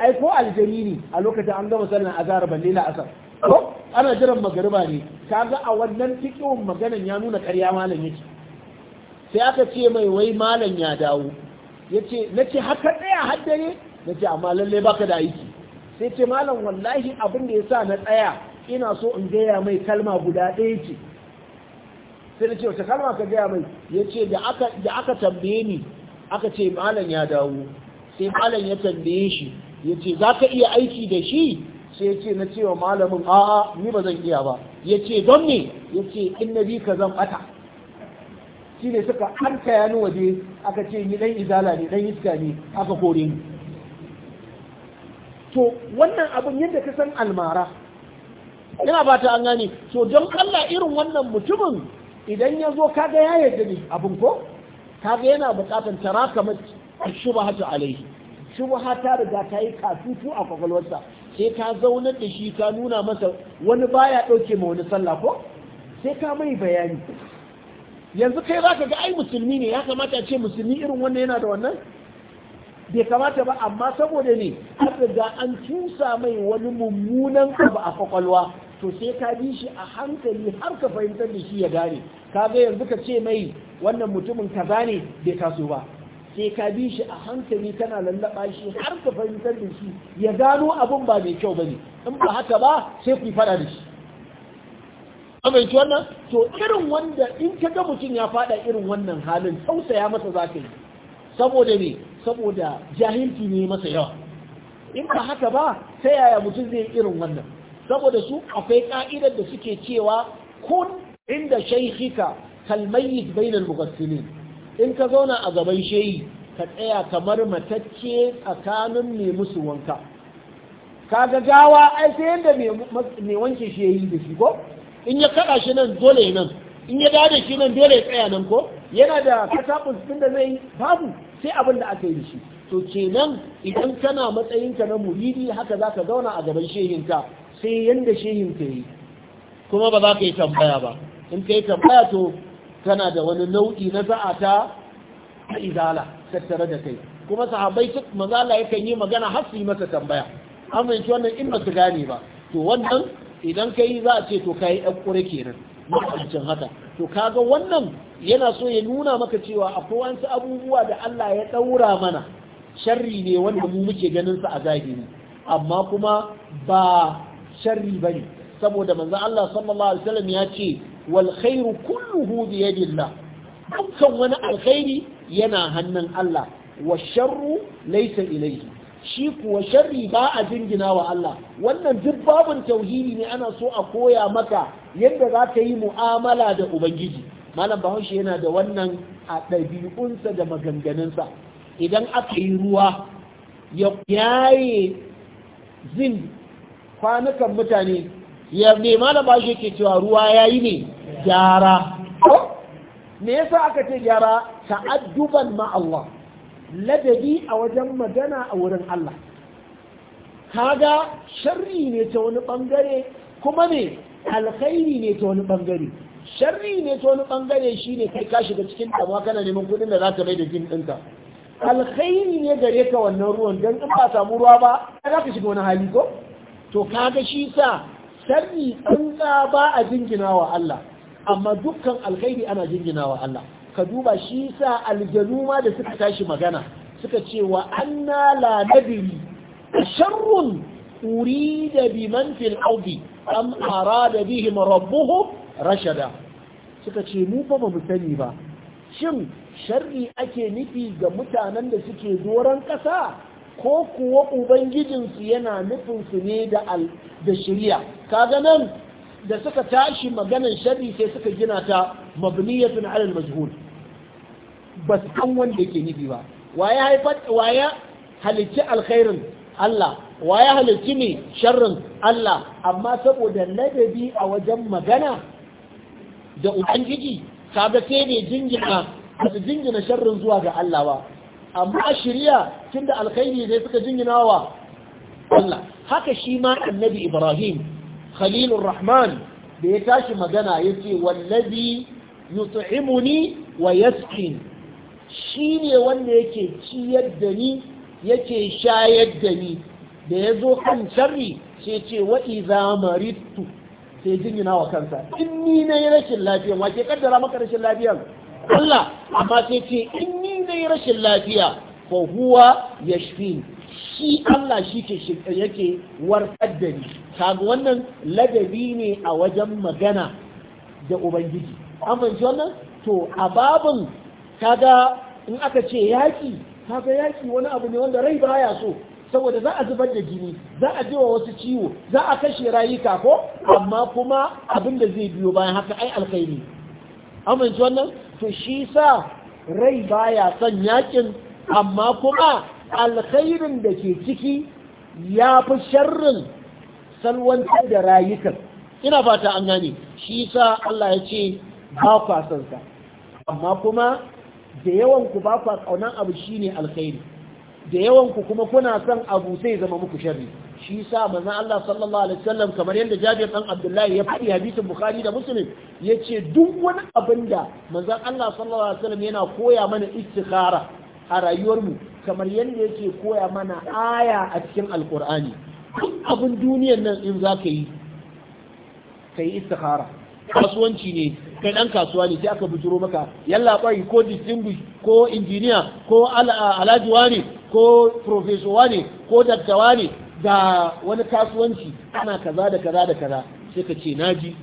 ai ko aljani ne a lokacin an gama sallan azhar ban lila asar ko ana jiran magariba ne kaga a wannan tikiwon maganan ya nuna karya malam yake sai aka ce mai wai malam ya dawo yace nace haka tsaya haddare nace amma lalle baka da aiki sai ce malam wallahi abin da yasa na tsaya ina so in gaya mai kalma guda ɗaya ce sai na wata kalma ka gaya mai da aka da aka tambaye ni aka ce malam ya dawo sai malam ya tambaye shi Yace zaka iya aiki da shi sai ya ce na cewa malamin a'a ni ba zan iya ba ya ce don me ya ce in na bi ka zan bata shi ne suka an kaya waje aka ce ni dan izala ne dan iska ne aka kore ni to wannan abin yadda ka san almara ina ba ta an gane to don Allah irin wannan mutumin idan ya zo kaga ya yarda ne abin ko kaga yana bukatan tara kamar shubahatu alaihi shubha ta riga ta yi kasutu a kwakwalwarsa sai ka zaunar da shi ka nuna masa wani baya ɗauke ma wani sallah ko sai ka mai bayani yanzu kai za ka ga ai musulmi ne ya kamata ce musulmi irin wannan yana da wannan bai kamata ba amma saboda ne an riga an cusa mai wani mummunan abu a kwakwalwa to sai ka bi shi a hankali har ka fahimtar da shi ya gane ka ga yanzu ka ce mai wannan mutumin kaza ne bai taso ba sai ka bi shi a hankali tana lallaba shi har ka fahimtar da shi ya gano abin ba mai kyau ba ne, in ba haka ba sai ku fada da shi amince wannan to irin wanda in ka ga mutum ya fada irin wannan halin tausaya masa zaka yi saboda ne saboda jahilci ne masa yawa in ba haka ba ta yaya mutum zai irin wannan saboda su akwai ka'idar da suke cewa kun inda shaykhika kalmayyit bainal mughassinin in ka zauna a gaban shehi ka tsaya kamar matacce tsakanin mai musu wanka kaga gawa ai sai yadda mai wanke shehi da shi ko in ya kaɗa shi nan dole nan in ya dada shi nan dole tsaya nan ko yana da katakun din da zai babu sai abin da aka yi shi to kenan idan kana matsayinka na muridi haka za ka zauna a gaban shehinka sai yadda shehinka yi kuma ba za ka yi tambaya ba in ka yi tambaya to tana da wani nau'i na za'a ta izala tattare da kai kuma sahabbai duk mazala yakan yi magana har su yi masa tambaya amince wannan in ba su gane ba to wannan idan ka yi za a ce to ka yi ɗan ƙure kenan makamancin haka to kaga wannan yana so ya nuna maka cewa akwai wasu abubuwa da Allah ya ɗaura mana sharri ne wanda mu muke ganin sa a zahiri amma kuma ba sharri bane saboda manzo Allah sallallahu alaihi wasallam ya ce wal kullu kulluhu ya yadillah dukkan wani alkhairi yana hannun Allah wa sharru laysa ilayhi shi kuwa sharri ba a jingina wa Allah wannan duk babun tauhidi ne ana so a koya maka yadda za ka yi mu'amala da ubangiji malam bahaushe yana da wannan a ɗabi'unsa da maganganunsa idan aka yi ruwa ya yaye zin kwanukan mutane ya ne malam bahaushe ke cewa ruwa ya yi ne gyara me yasa aka ce gyara ta'adduban ma Allah ladabi a wajen magana a wurin Allah kaga sharri ne ta wani bangare kuma ne alkhairi ne ta wani bangare sharri ne ta wani bangare shine kai ka shiga cikin damuwa kana neman kudin da za mai da jin ɗinka alkhairi ne gare ka wannan ruwan don in ba samu ruwa ba kaga ka shiga wani hali ko to kaga shi sa sharri ɗinka ba a jinginawa Allah amma dukkan alkhairi ana jinginawa Allah ka duba shi sa aljanu ma da suka tashi magana suka ce wa anna la nadri sharrun urida man fil ardi am arada bihim rabbuhum rashada suka ce mu ba mu sani ba shin sharri ake nufi ga mutanen da suke doron ƙasa ko kuwa ubangijinsu yana nufinsu ne da shirya kaga nan da suka tashi maganan sharri sai suka gina ta mabniyatun alal majhul ba su kan wanda yake nufi ba waye haifar waye halicci alkhairin Allah waye halicci ne sharrin Allah amma saboda ladabi a wajen magana da ubangiji kaga sai ne jingina su jingina sharrin zuwa ga Allah ba amma a tunda alkhairi ne suka jingina wa Allah haka shi ma annabi Ibrahim khalilur rahman da ya tashi magana ya ce wallazi yut'imuni shi ne wanda yake ciyar da ni yake shayar da ni da ya zo kan sharri sai ce wa idza sai jinyina wa kansa in ni na yi rashin lafiya wa ke kaddara maka rashin lafiya Allah amma sai ce in ni na yi rashin lafiya fa huwa yashfini shi Allah shi ke yake warkar da ni kaga wannan ladabi ne a wajen magana da ubangiji an wannan to a babin kaga in aka ce yaƙi, kaga yaki wani abu ne wanda rai baya so saboda za a zubar da jini za a jiwa wasu ciwo za a kashe rayuka ko amma kuma abin da zai biyo bayan haka ai alkhairi amince wannan to shi sa rai baya son yaƙin amma kuma alkhairin da ke ciki ya fi sharrin salwantar da rayukan ina fata an gane shi sa Allah ya ce ba kwa son sa amma kuma da yawan ku ba kwa kaunan abu shine alkhairi da yawan ku kuma kuna son abu sai zama muku sharri shi sa manzo Allah sallallahu alaihi wasallam kamar yadda Jabir dan Abdullahi ya faɗi hadisin Bukhari da Muslim yace duk wani abin da manzo Allah sallallahu alaihi wasallam yana koya mana istikhara a rayuwar mu kamar yadda yake koya mana aya a cikin alkur'ani abin duniyan nan in za ka yi ka yi istikhara kasuwanci ne kai dan kasuwa ne sai aka bujuro maka yalla bai ko distinguish ko injiniya ko alajuwa ne ko profesowa ne ko dattawa ne da wani kasuwanci ana kaza da kaza da kaza sai ka ce naji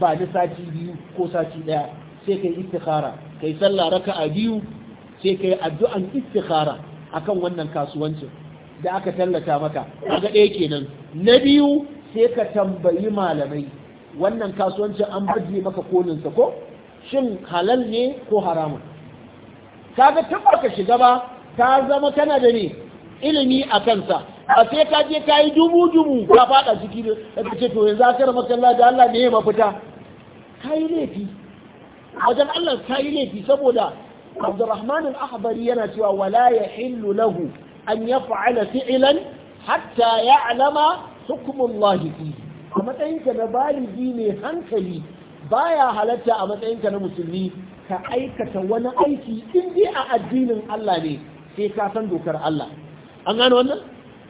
ba ni sati biyu ko sati daya sai ka yi istikhara kai sallah raka'a biyu sai yi addu'an istikhara akan wannan kasuwancin da aka tallata maka kaga ɗaya kenan na biyu sai ka tambayi malamai wannan kasuwancin an baje maka kolinsa ko shin halal ne ko haramun kaga tun baka shiga ba ka zama kana da ne ilimi a kansa a sai ka je ka yi dubu dubu ka faɗa ciki da ka ce to yanzu aka rama kalla da Allah ne ya mafita ka yi laifi wajen Allah ka yi laifi saboda Abdulrahman al-Ahbari yana cewa wala yahillu nahu. an yaf'ala fi'lan hatta ya'lama hukmullahi fihi a matsayinka na baligi mai hankali baya halatta a matsayinka na musulmi ka aikata wani aiki in dai a addinin Allah ne sai ka san dokar Allah an gano wannan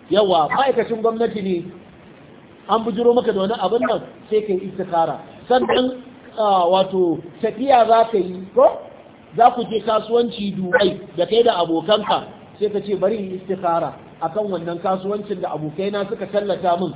yawa ma'aikacin gwamnati ne an bujiro maka da wani abin nan sai ka yi istikara sannan ah, wato tafiya za ka yi ko za ku je kasuwanci dubai da kai da abokanka sai ka ce bari in istikhara akan wannan kasuwancin da abokaina suka tallata min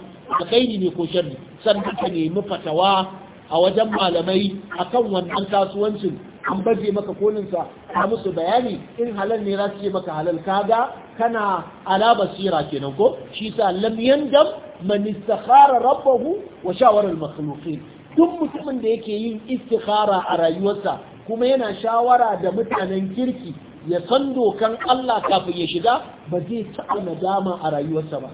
ni ne ko sharri sannan ka nemi fatawa a wajen malamai akan wannan kasuwancin an baje maka kolinsa a musu bayani in halal ne za su ce maka halal kaga kana ala basira kenan ko shi sa lam yandam man istakhara rabbahu wa shawara al makhluqin duk mutumin da yake yin istikhara a rayuwarsa kuma yana shawara da mutanen kirki ya san dokan Allah kafin ya shiga ba zai taɓa nadama a rayuwarsa ba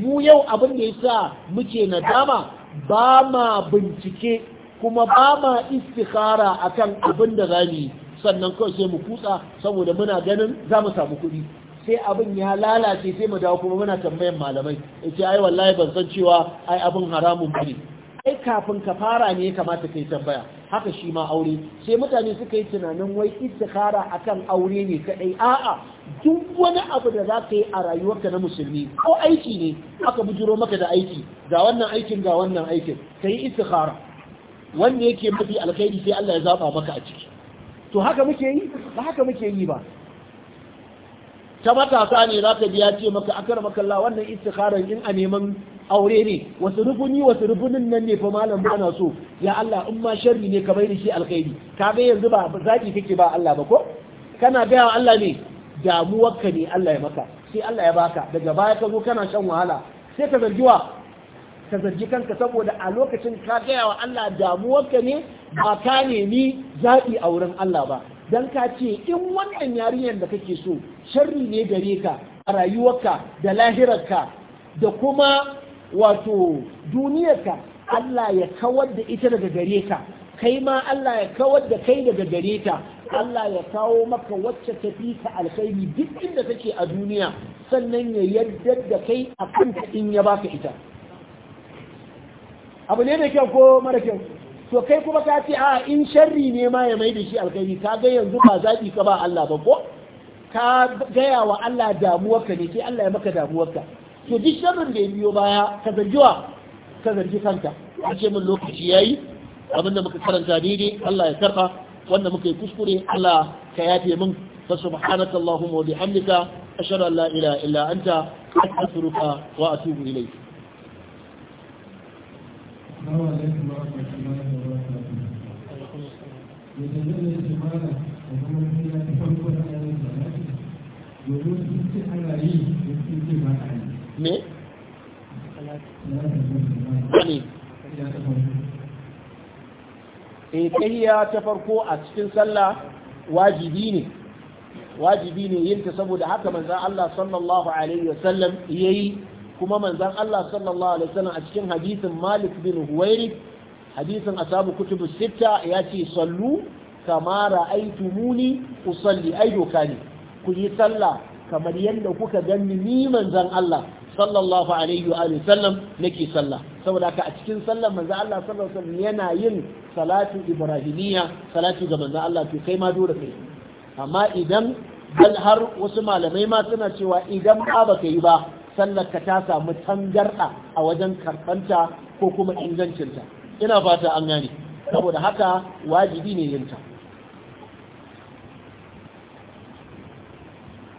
mu yau abin da ya sa muke nadama ba ma bincike kuma ba ma istikhara akan abin da za mu yi sannan kawai sai mu kutsa saboda muna ganin za mu samu kuɗi sai abin ya lalace sai mu dawo kuma muna tambayan malamai ya ce ai wallahi ban san cewa ai abin haramun bane kai kafin ka fara ne kamata kai tambaya haka shi ma aure sai mutane suka yi tunanin wai istikhara akan aure ne kadai a'a duk wani abu da za ka yi a rayuwarka na musulmi ko aiki ne aka bujiro maka da aiki ga wannan aikin ga wannan aikin ka yi istikhara wanda yake mafi alkhairi sai Allah ya zaba maka a ciki to haka muke yi ba haka muke yi ba ta matasa ne za ka biya ce maka akar makalla wannan istikharar in a neman aure ne wasu rufuni wasu rufunin nan ne fa malam bana so ya Allah in ma sharri ne ka bai da shi alkhairi ka ga yanzu ba zaki kake ba Allah ba ko kana ga Allah ne damuwarka ne Allah ya maka sai Allah ya baka daga baya ka zo kana shan wahala sai ka zargi wa ka zargi kanka saboda a lokacin ka gaya wa Allah damuwarka ne ba ka nemi zaɓi a wurin Allah ba don ka ce in wannan yarinyar da kake so sharri ne gare ka a rayuwarka da lahirarka da kuma wato duniyarka Allah ya kawar da ita daga gare ka kai ma Allah ya kawar da kai daga gare ta Allah ya kawo maka wacce ta fi ka alkhairi duk inda take a duniya sannan ya yarda da kai a kan in ya baka ita abu ne da kyau ko mara kyau to kai kuma ka ce a in sharri ne ma ya mai da shi alkhairi ka ga yanzu ba zaɓi ka ba Allah ba ko ka gaya wa Allah damuwarka ne ke Allah ya maka damuwarka to ji sharrin da ya biyo baya ka zargi wa ka zargi kanka a ce min lokaci yayi abin da muka karanta daidai Allah ya karba wanda muka yi kuskure Allah ka yafe min fa subhanaka allahumma wa bihamdika ashhadu an la ilaha illa anta astaghfiruka wa atubu ilayk me e tahiyya ta farko a cikin sallah wajibi ne wajibi ne yin ta saboda haka manzon Allah sallallahu alaihi wasallam yayi kuma manzon Allah sallallahu alaihi wasallam a cikin hadisin Malik bin Huwairith hadisin asabu kutubu sita ya ce sallu kama ra'aytumuni usalli ai doka ne ku yi sallah kamar yadda kuka gani ni manzan Allah sallallahu alaihi wa sallam nake sallah saboda haka a cikin sallar manzan Allah sallallahu alaihi wasallam yana yin salatu ibrahimiyya salatu ga manzan Allah to kai ma dole kai amma idan bal har wasu malamai ma suna cewa idan ba baka yi ba sallar ka ta samu tangarda a wajen karɓanta ko kuma ingancinta ina fata an gane saboda haka wajibi ne yinta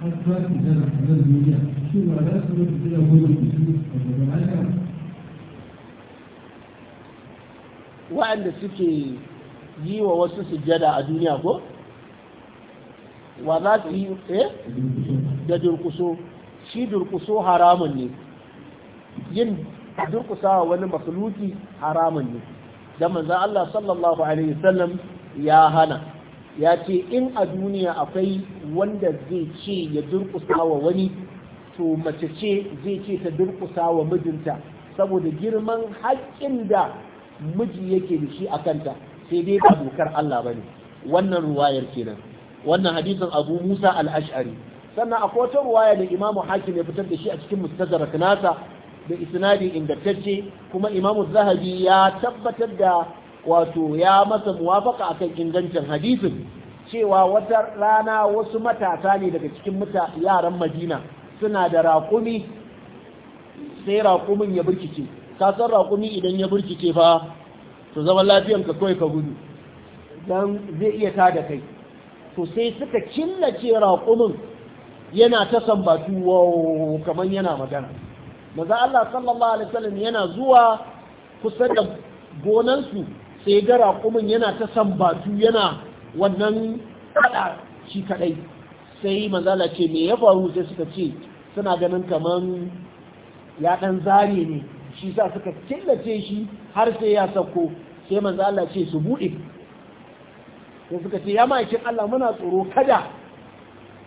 har a wa'anda suke yi wa wasu sujjada a duniya ko wa za su yi eh da durkuso shi durkuso haramun ne yin wa wani makhluki haramun ne da za Allah sallallahu alaihi wasallam ya hana ya ce in a duniya akwai wanda zai ce ya durkusa wa wani to mace ce zai ce ta durkusa wa mijinta saboda girman haƙƙin da miji yake da shi a kanta sai dai ba dokar Allah ba ne wannan ruwayar kenan wannan hadisin abu musa al-ash'ari sannan akwai wata ruwaya da imamu hakim ya fitar da shi a cikin mustadrak nasa da isnadi ingantacce kuma imamu zahabi ya tabbatar da wato ya masa muwafaka a kan ingancin hadisin cewa wata rana wasu matasa ne daga cikin yaran madina suna da raƙumi sai raƙumin ya birkice kasar raƙumi idan ya birkice fa zama zaman lafiyanka kawai ka gudu don zai iya ta da kai to sai suka killace raƙumin yana ta sambatu kamar yana magana maza Allah sallallahu alaihi wasallam yana zuwa kusa da gonansu sai ga raƙumin yana ta batu yana wannan kada shi kadai sai manzala ce me ya faru sai suka ce suna ganin kaman ya dan zare ne shi sa suka killace shi har sai ya sako sai manzala ce su bude sai suka ce ya ma'aikin Allah muna tsoro kada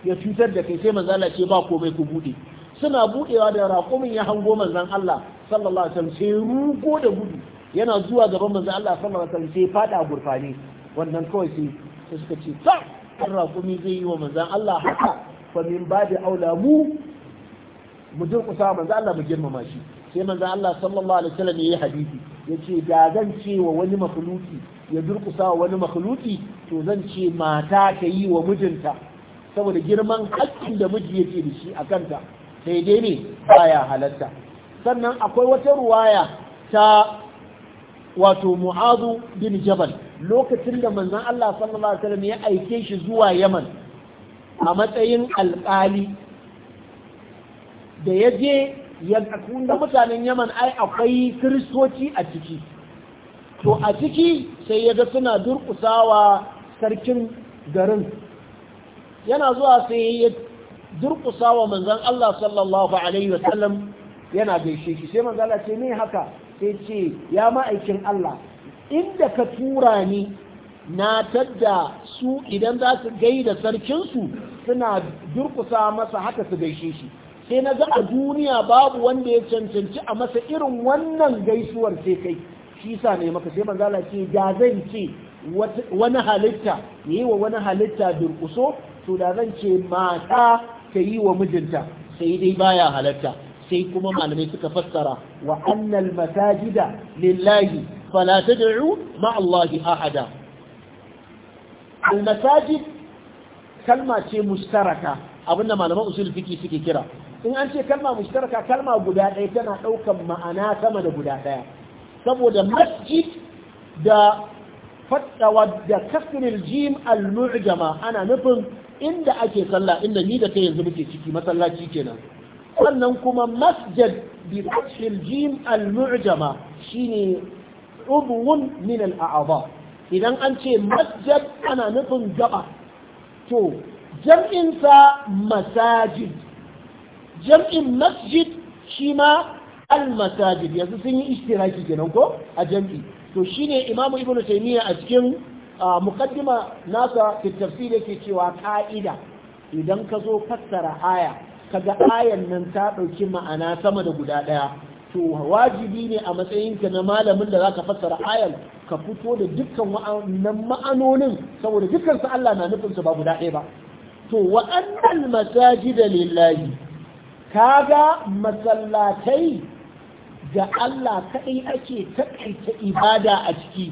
ya cutar da kai sai manzala ce ba komai ku bude suna budewa da raƙumin ya hango manzan Allah sallallahu alaihi wasallam sai ruko da gudu yana zuwa gaban manzo Allah sallallahu alaihi wasallam sai fada gurfani wannan kawai sai suka ce ta Allah kuma zai yi wa manzan Allah haka fa min babi aula mu mu durƙusa manzan Allah mu girmama shi sai manza Allah sallallahu alaihi wasallam yayi hadisi yace da zan ce wa wani makhluki ya durkusa wa wani makhluki to zan ce mata ta yi wa mijinta saboda girman haƙƙin da miji yake da shi a kanta sai dai ne baya halatta sannan akwai wata ruwaya ta wato mu'adu bin jabal lokacin da manzon Allah sallallahu alaihi wasallam ya aike shi zuwa Yaman a matsayin alƙali da ya je ya da mutanen Yaman ai akwai kiristoci a ciki to a ciki sai ya ga suna durƙusawa sarkin garin yana zuwa sai ya durƙusawa manzon Allah sallallahu alaihi wasallam yana gaishe shi sai manzon Allah ce ne haka sai ce ya ma'aikin Allah inda ka tura ni na tadda su idan za su gaida sarkinsu suna durkusa masa haka su gaishe shi sai na ga a duniya babu wanda ya cancanci a masa irin wannan gaisuwar sai kai shi sa ne maka sai manzala ce da zan ce wani halitta ya yi wa wani halitta durkuso to da zan ce mata ka yi wa mijinta sai dai baya halitta. sai kuma malamai suka fassara wa annal masajida lillahi fala tad'u ma Allahi ahada al masajid kalma ce mustaraka abinda malaman usul fiqi suke kira in an ce kalma mustaraka kalma guda ɗaya tana ɗaukan ma'ana sama da guda ɗaya saboda masjid da fadawa da kasril jim al-mu'jama ana nufin inda ake sallah inda ni da kai yanzu muke ciki masallaci kenan sannan kuma masjid bi fathil jim al-mu'jama shine ubun min al-a'dha idan an ce masjid ana nufin gaba to jam'in sa masajid jam'in masjid shi ma al-masajid yanzu sun yi ishtiraki kenan ko a jam'i to shine imamu ibnu taymiya a cikin muqaddima nasa fi tafsir yake cewa ka'ida idan ka zo fassara aya kaga ayan nan ta ɗauki ma'ana sama da guda ɗaya to wajibi ne a matsayinka na malamin da zaka fassara ayan ka fito da dukkan wa'annan ma'anonin saboda dukkan su Allah na nufin su ba guda ɗaya ba to wa'annan masajida lillahi kaga masallatai ga Allah kaɗai ake taƙaita ibada a ciki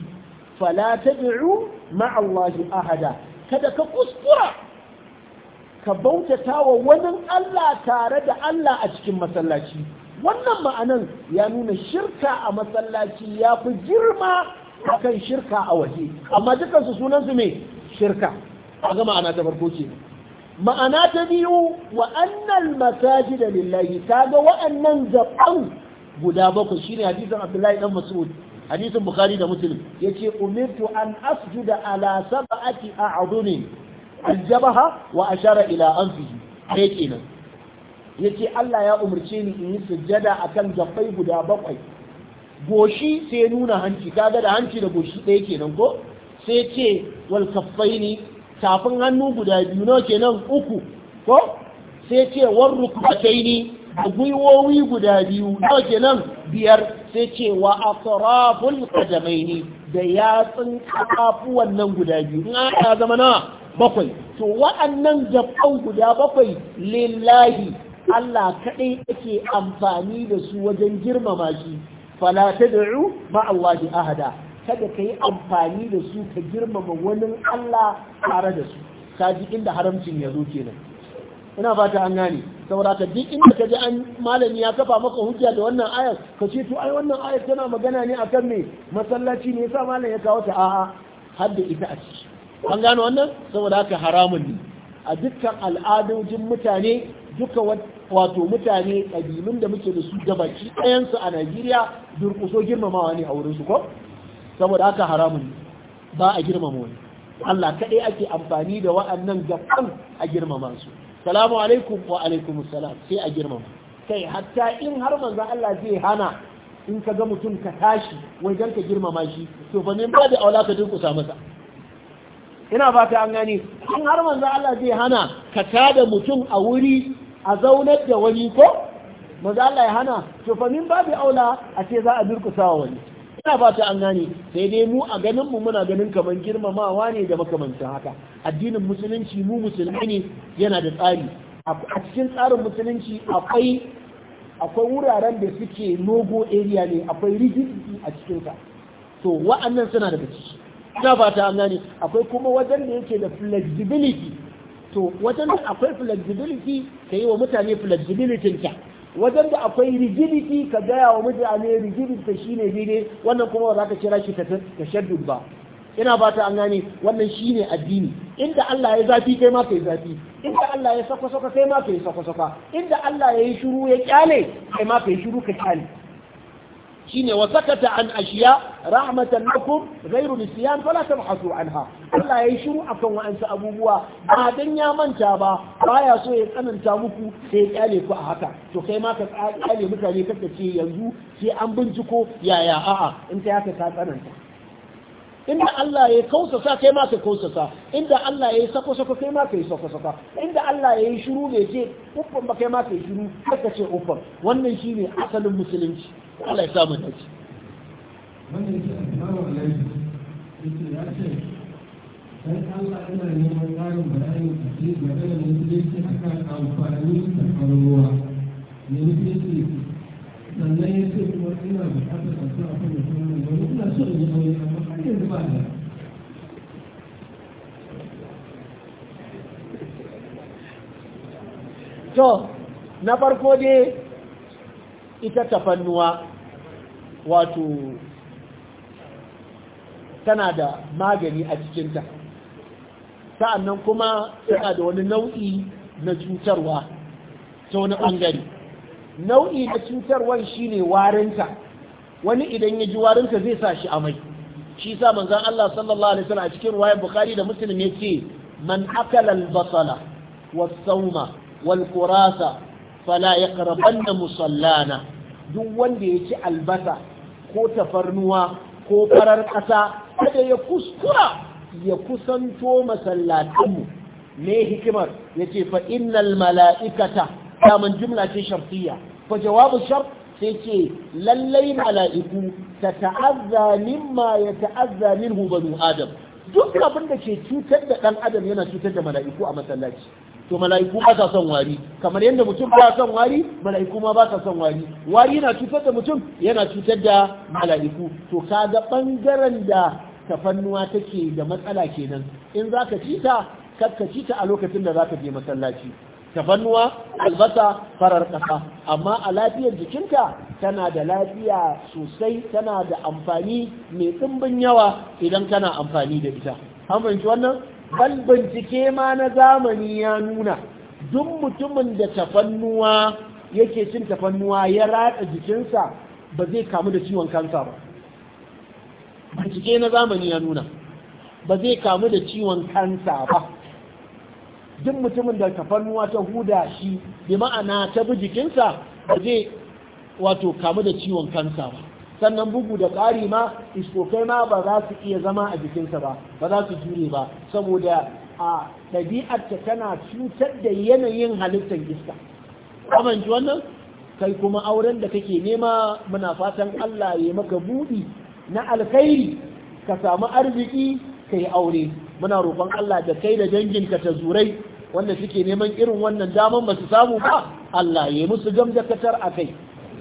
fala tad'u ma'a Allah ahada kada ka kuskura ka bautata wa wani Allah tare da Allah a cikin masallaci wannan ma'anan ya nuna shirka a masallaci ya fi girma a kan shirka a waje amma dukansu sunansu mai shirka a ga ma'ana ta farko ce ma'ana ta biyu wa'annan masaji da lillahi ta ga wa'annan zaɓan guda bakwai shine hadisin abdullahi dan mas'ud hadisin bukhari da muslim yace umirtu an asjuda ala sab'ati a'dhunin aljabaha wa ashara ila anfihi ne kenan yace Allah ya umarce ni in yi sujjada akan gabbai guda bakwai goshi sai nuna hanci kaga da hanci da goshi ɗaya kenan ko sai ce wal kaffaini tafin hannu guda biyu nawa kenan uku ko sai ce war rukbataini da gwiwowi guda biyu nawa kenan biyar sai ce wa atraful qadamaini da yatsun kafuwan nan guda biyu in ya zama nawa bakwai to waɗannan gaban guda bakwai lillahi Allah kaɗai ake amfani da su wajen girmama shi fala tad'u ma'allahi ahada kada ka yi amfani da su ka girmama wani Allah tare da su ka ji inda haramcin ya zo kenan ina fata an gane saboda ka ji, inda ka ji an malami ya kafa maka hujja da wannan ayar ka ce to ai wannan ayar tana magana ne akan me masallaci ne yasa malam ya kawo ta a'a har da ita a ciki an gano wannan saboda haka haramun ne a dukkan al'adojin mutane duka wato mutane ɗabi'un da muke da su gabaki ɗayansu a Najeriya durƙuso girmamawa ne a wurinsu ko saboda haka haramun ne ba a girmama wani Allah kaɗai ake amfani da wa'annan gaban a girmama su salamu alaikum wa alaikum salam sai a girmama kai hatta in har manzo Allah zai hana in ka ga mutum ka tashi wajen ka girmama shi to fa ne ba da aula ka durƙusa masa ina ba ta an gani in har manzo Allah zai hana ka tada mutum a wuri a zaunar da wani ko manzo Allah ya hana to fa min babu aula a ce za a durkusa wa wani ina ba ta an gane sai dai mu a ganin mu muna ganin kaman girmamawa ne da makamancin haka addinin musulunci mu musulmi ne yana da tsari a cikin tsarin musulunci akwai akwai wuraren da suke nogo area ne akwai rigidity a cikin ka to wa'annan suna daga ciki na fata an gane akwai kuma wajen da yake da flexibility to wajen da akwai flexibility ka yi wa mutane flexibility ta wajen da akwai rigidity ka gaya wa mutane rigidity shine daidai wannan kuma ba za ka kira shi tashaddud ba ina fata an gane wannan shine addini inda Allah ya zafi kai ma kai zafi inda Allah ya sako sako kai ma kai sako sako inda Allah ya yi shiru ya kyale kai ma kai shiru ka kyale shine wa sakata an ashiya rahmatan lakum ghayru nisyan fala tabhasu anha Allah yayi shiru akan wa'ansu abubuwa ba dan ya manta ba baya so ya tsananta muku sai ya kyale ku a haka to kai ma ka kyale mutane kaka ce yanzu sai an binciko yaya a'a in ta yaka ka tsananta inda Allah ya kausasa kai ma ka kausasa inda Allah ya sako sako kai ma ka yi sako sako inda Allah ya yi shiru ne ce uffan ba kai ma ka yi shiru kaka ce uffan wannan shine asalin musulunci Allah ya sa dace a to na farko dai ita tafannuwa wato tana da magani a cikinta sa'annan kuma tana da wani nau'i na cutarwa ta wani ɓangare nau'i na cutarwan ne warinta wani idan ya ji warinta zai sa shi amai shi sa manzan Allah sallallahu alaihi wasallam a cikin ruwayar bukari da musulun ya ce man akalal al-basala was-sawma wal kurasa, fala yaqrabanna musallana duk wanda ya ci albasa ko tafarnuwa ko farar ƙasa kada ya kuskura ya kusanto masallatinmu me hikimar ya ce fa mala'ikata daman jumla ce shafiya. fa jawabu shaf, sai ce lallai mala'iku ta ta'azza mimma ya ta'azza minhu banu adam duk abin da ke cutar da ɗan adam yana cutar da mala'iku a masallaci to mala'iku ba sa son wari kamar yadda mutum ba son wari mala'iku ma ba sa son wari wari yana cutar da mutum yana cutar da mala'iku to ka ga bangaren da tafannuwa take da matsala kenan in zaka ci ta kakka ci ta a lokacin da za ka je masallaci tafannuwa albasa farar ƙasa amma a lafiyar jikinka tana da lafiya sosai tana da amfani mai ɗimbin yawa idan kana amfani da ita an fahimci wannan Ban bincike ma na zamani ya nuna duk mutumin da tafannuwa yake cin tafannuwa ya raɗa jikinsa ba zai kamu da ciwon kansa ba bincike na zamani ya nuna ba zai kamu da ciwon kansa ba duk mutumin da tafannuwa ta huda shi bi ma'ana ta bi jikinsa ba zai wato kamu da ciwon kansa ba sannan bugu da ƙari ma iskokai ma ba za su iya zama a jikinsa ba ba za su jure ba saboda a ɗabi'arta tana cutar da yanayin halittar iska amince wannan kai kuma auren da kake nema muna fatan Allah ya maka buɗi na alkhairi ka samu arziki ka yi aure muna roƙon Allah da kai da ka ta zurai wanda suke neman irin wannan daman ba su samu ba Allah ya musu gamdakatar a kai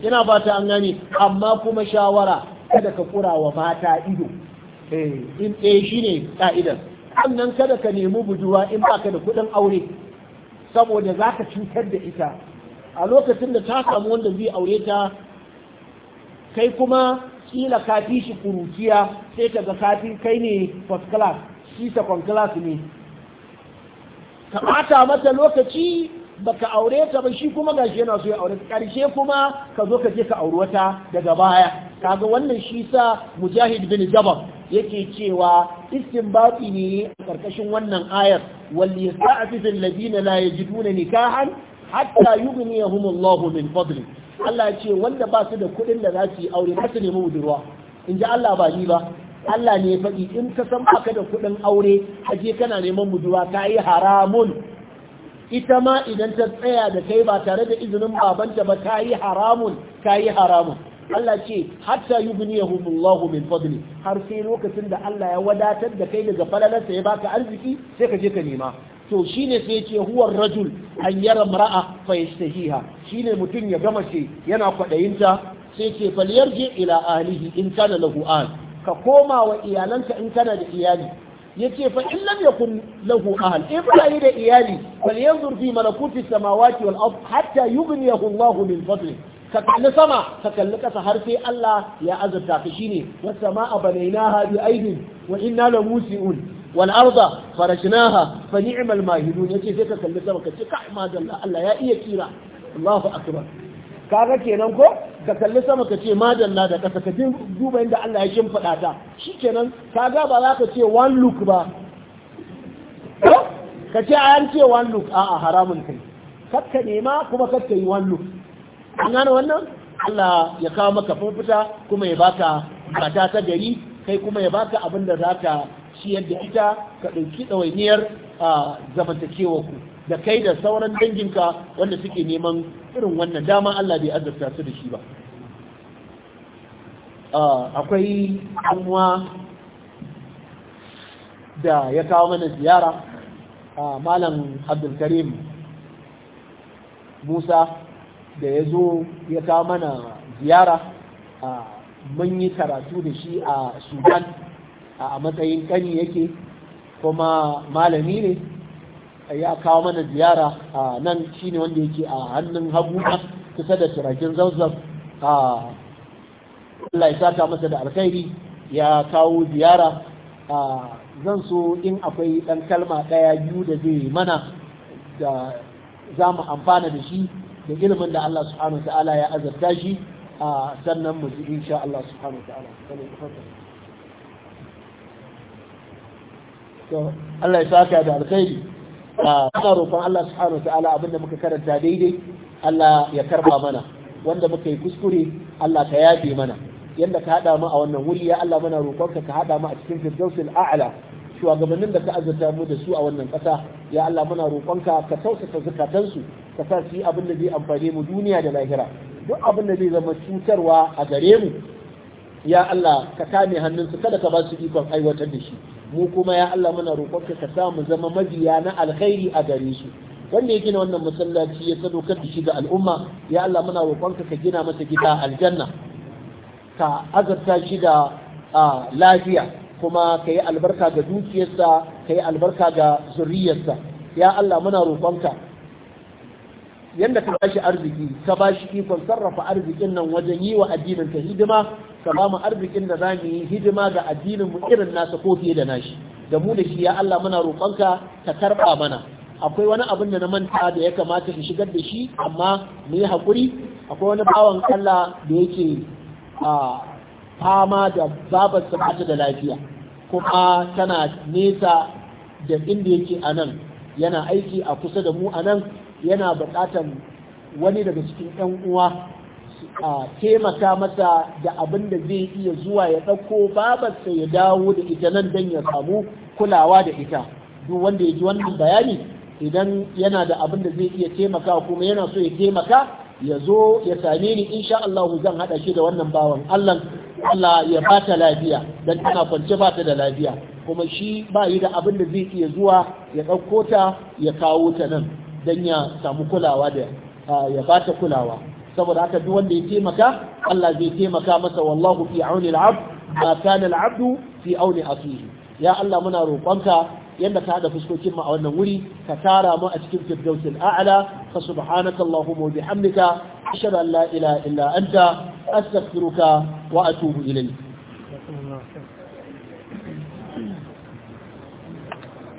ina ta an gani amma kuma shawara kada ka kura wa mata ido eh, in ɗaya eh, shi ne ƙa'idar sannan kada ka nemi bujuwa in ba ka da kuɗin aure saboda za ka cutar da ita a lokacin da ta samu wanda zai aure ta kai kuma kila ka fi shi kuruciya sai ka ga kafi kai ne first class shi second class ne ka ɓata mata lokaci baka aure ta ba shi kuma gashi yana so ya aure karshe kuma ka zo ka je ka auri wata daga baya kaga wannan shi sa mujahid bin jabal yake cewa istinbati ne a karkashin wannan ayar wal yasta'fifu alladhina la yajiduna nikahan hatta Allahu min fadli Allah ya ce wanda ba su da kuɗin da za su yi aure ba su nemi budurwa in ji Allah ba ni ba Allah ne ya faɗi in ka san baka da kuɗin aure aje kana neman budurwa ta yi haramun ita ma idan ta tsaya da kai ba tare da izinin babanta ba ta yi haramun ta yi haramun Allah ce hatta yughniyahumullahu min fadli har sai lokacin da Allah ya wadatar da kai daga falalarsa ya baka arziki sai ka je ka nema to shine sai ce Huwar rajul an yara mar'a fa Shi shine mutum ya gama ce yana ta, sai ce falyarji ila ahlihi in kana lahu an ka koma wa iyalanka in kana da iyali yace fa in lam kun lahu ahl in yi da iyali bal yanzur fi malakuti samawati wal ard hatta yughniyahu Allah min fadli ka kalli sama ka kalli kasa har sai Allah ya azurta ka shine was samaa banaynaha bi aidin wa inna la musiun wal arda farajnaha fa ni'mal mahidun yace sai ka kalli sama ka ce ka ma Allah ya iya kira Allahu akbar kaga kenan ko ka kalli sama ka ce madalla da ƙasa ka duba inda Allah ya shimfiɗa ta shikenan ka ga ba za ka ce one look ba ka ce an ce one look a'a haramun kai kakka nema kuma kakka yi one look an gane wannan Allah ya kawo maka fufuta kuma ya baka bata ta gari kai kuma ya baka abin da za ka ciyar da ita ka ɗauki ɗawainiyar ah, zamantakewa ku da kai da sauran danginka wanda suke neman irin wannan dama Allah bai azabta su da shi ba ah, akwai kuma da ya kawo mana ziyara a malam abdulkarim musa da ya zo ya kawo mana ziyara a mun yi karatu da shi a sudan a matsayin kani yake kuma malami ne ya kawo mana ziyara a nan shine wanda yake a hannun hagu kusa da turakin zauzab a Allah ya masa da alkhairi ya kawo ziyara a zan so in akwai ɗan kalma ɗaya biyu da zai mana da za mu amfana da shi da ilimin da Allah subhanahu wa ta'ala ya azarta shi a sannan mu ji insha Allah subhanahu wa ta'ala Allah ya saka da alkhairi Ah, muna roƙon Allah subhanahu wa ta'ala abinda muka karanta daidai Allah ya karba mana wanda muka yi kuskure Allah ka yafe mana yadda ka hada mu a wannan wuri ya Allah muna roƙonka ka hada mu a cikin firdausul a'la shugabannin da ka azurta mu da su a wannan ƙasa ya Allah muna roƙonka ka tausasa su ka sa su abin da zai amfane mu duniya da lahira duk abin da zai zama cutarwa a gare mu ya Allah ka kame hannunsu kada ka ba su ikon aiwatar da shi mu kuma ya Allah muna roƙonka ka sa mu zama mabiya na alkhairi a gare shi. wanda ya gina wannan masallaci ya sadaukar da shi ga al'umma ya Allah muna roƙonka ka gina masa gida aljanna ka azarta shi da lafiya kuma ka yi albarka ga dukiyarsa ka yi albarka ga zuriyarsa ya Allah muna roƙonka yanda ka bashi arziki ka bashi ikon sarrafa arzikin nan wajen yi wa addinin ka hidima ka ba mu arzikin da zamu yi hidima ga addinin mu irin nasa ko fiye da nashi da mu da shi ya Allah muna roƙonka ka karɓa mana akwai wani abin da na manta da ya kamata in shigar da shi amma mu yi hakuri akwai wani bawan Allah da yake a fama da babar sabata da lafiya kuma tana nesa da inda yake a nan yana aiki a kusa da mu a nan yana buƙatar wani daga cikin 'yan uwa a taimaka masa da abin da zai iya zuwa ya ɗauko babarsa ya dawo da ita nan don ya samu kulawa da ita duk wanda ya ji wannan bayani idan yana da abin da zai iya taimaka kuma yana so ya taimaka ya zo ya same ni insha Allah zan haɗa shi da wannan bawan Allah Allah ya ta lafiya dan tana kwance ba ta da lafiya kuma shi ba yi da abin da zai iya zuwa ya ɗauko ta ya kawo ta nan don ya samu kulawa da ya bata kulawa saboda haka duk wanda ya taimaka Allah zai taimaka masa wallahu fi auni al-abd ma kana al-abdu fi auni akhihi ya Allah muna roƙonka yanda ka hada fuskokin mu a wannan wuri ka tara mu a cikin firdausil a'la fa subhanaka allahumma wa bihamdika ashhadu an la ilaha illa anta astaghfiruka wa atubu ilayk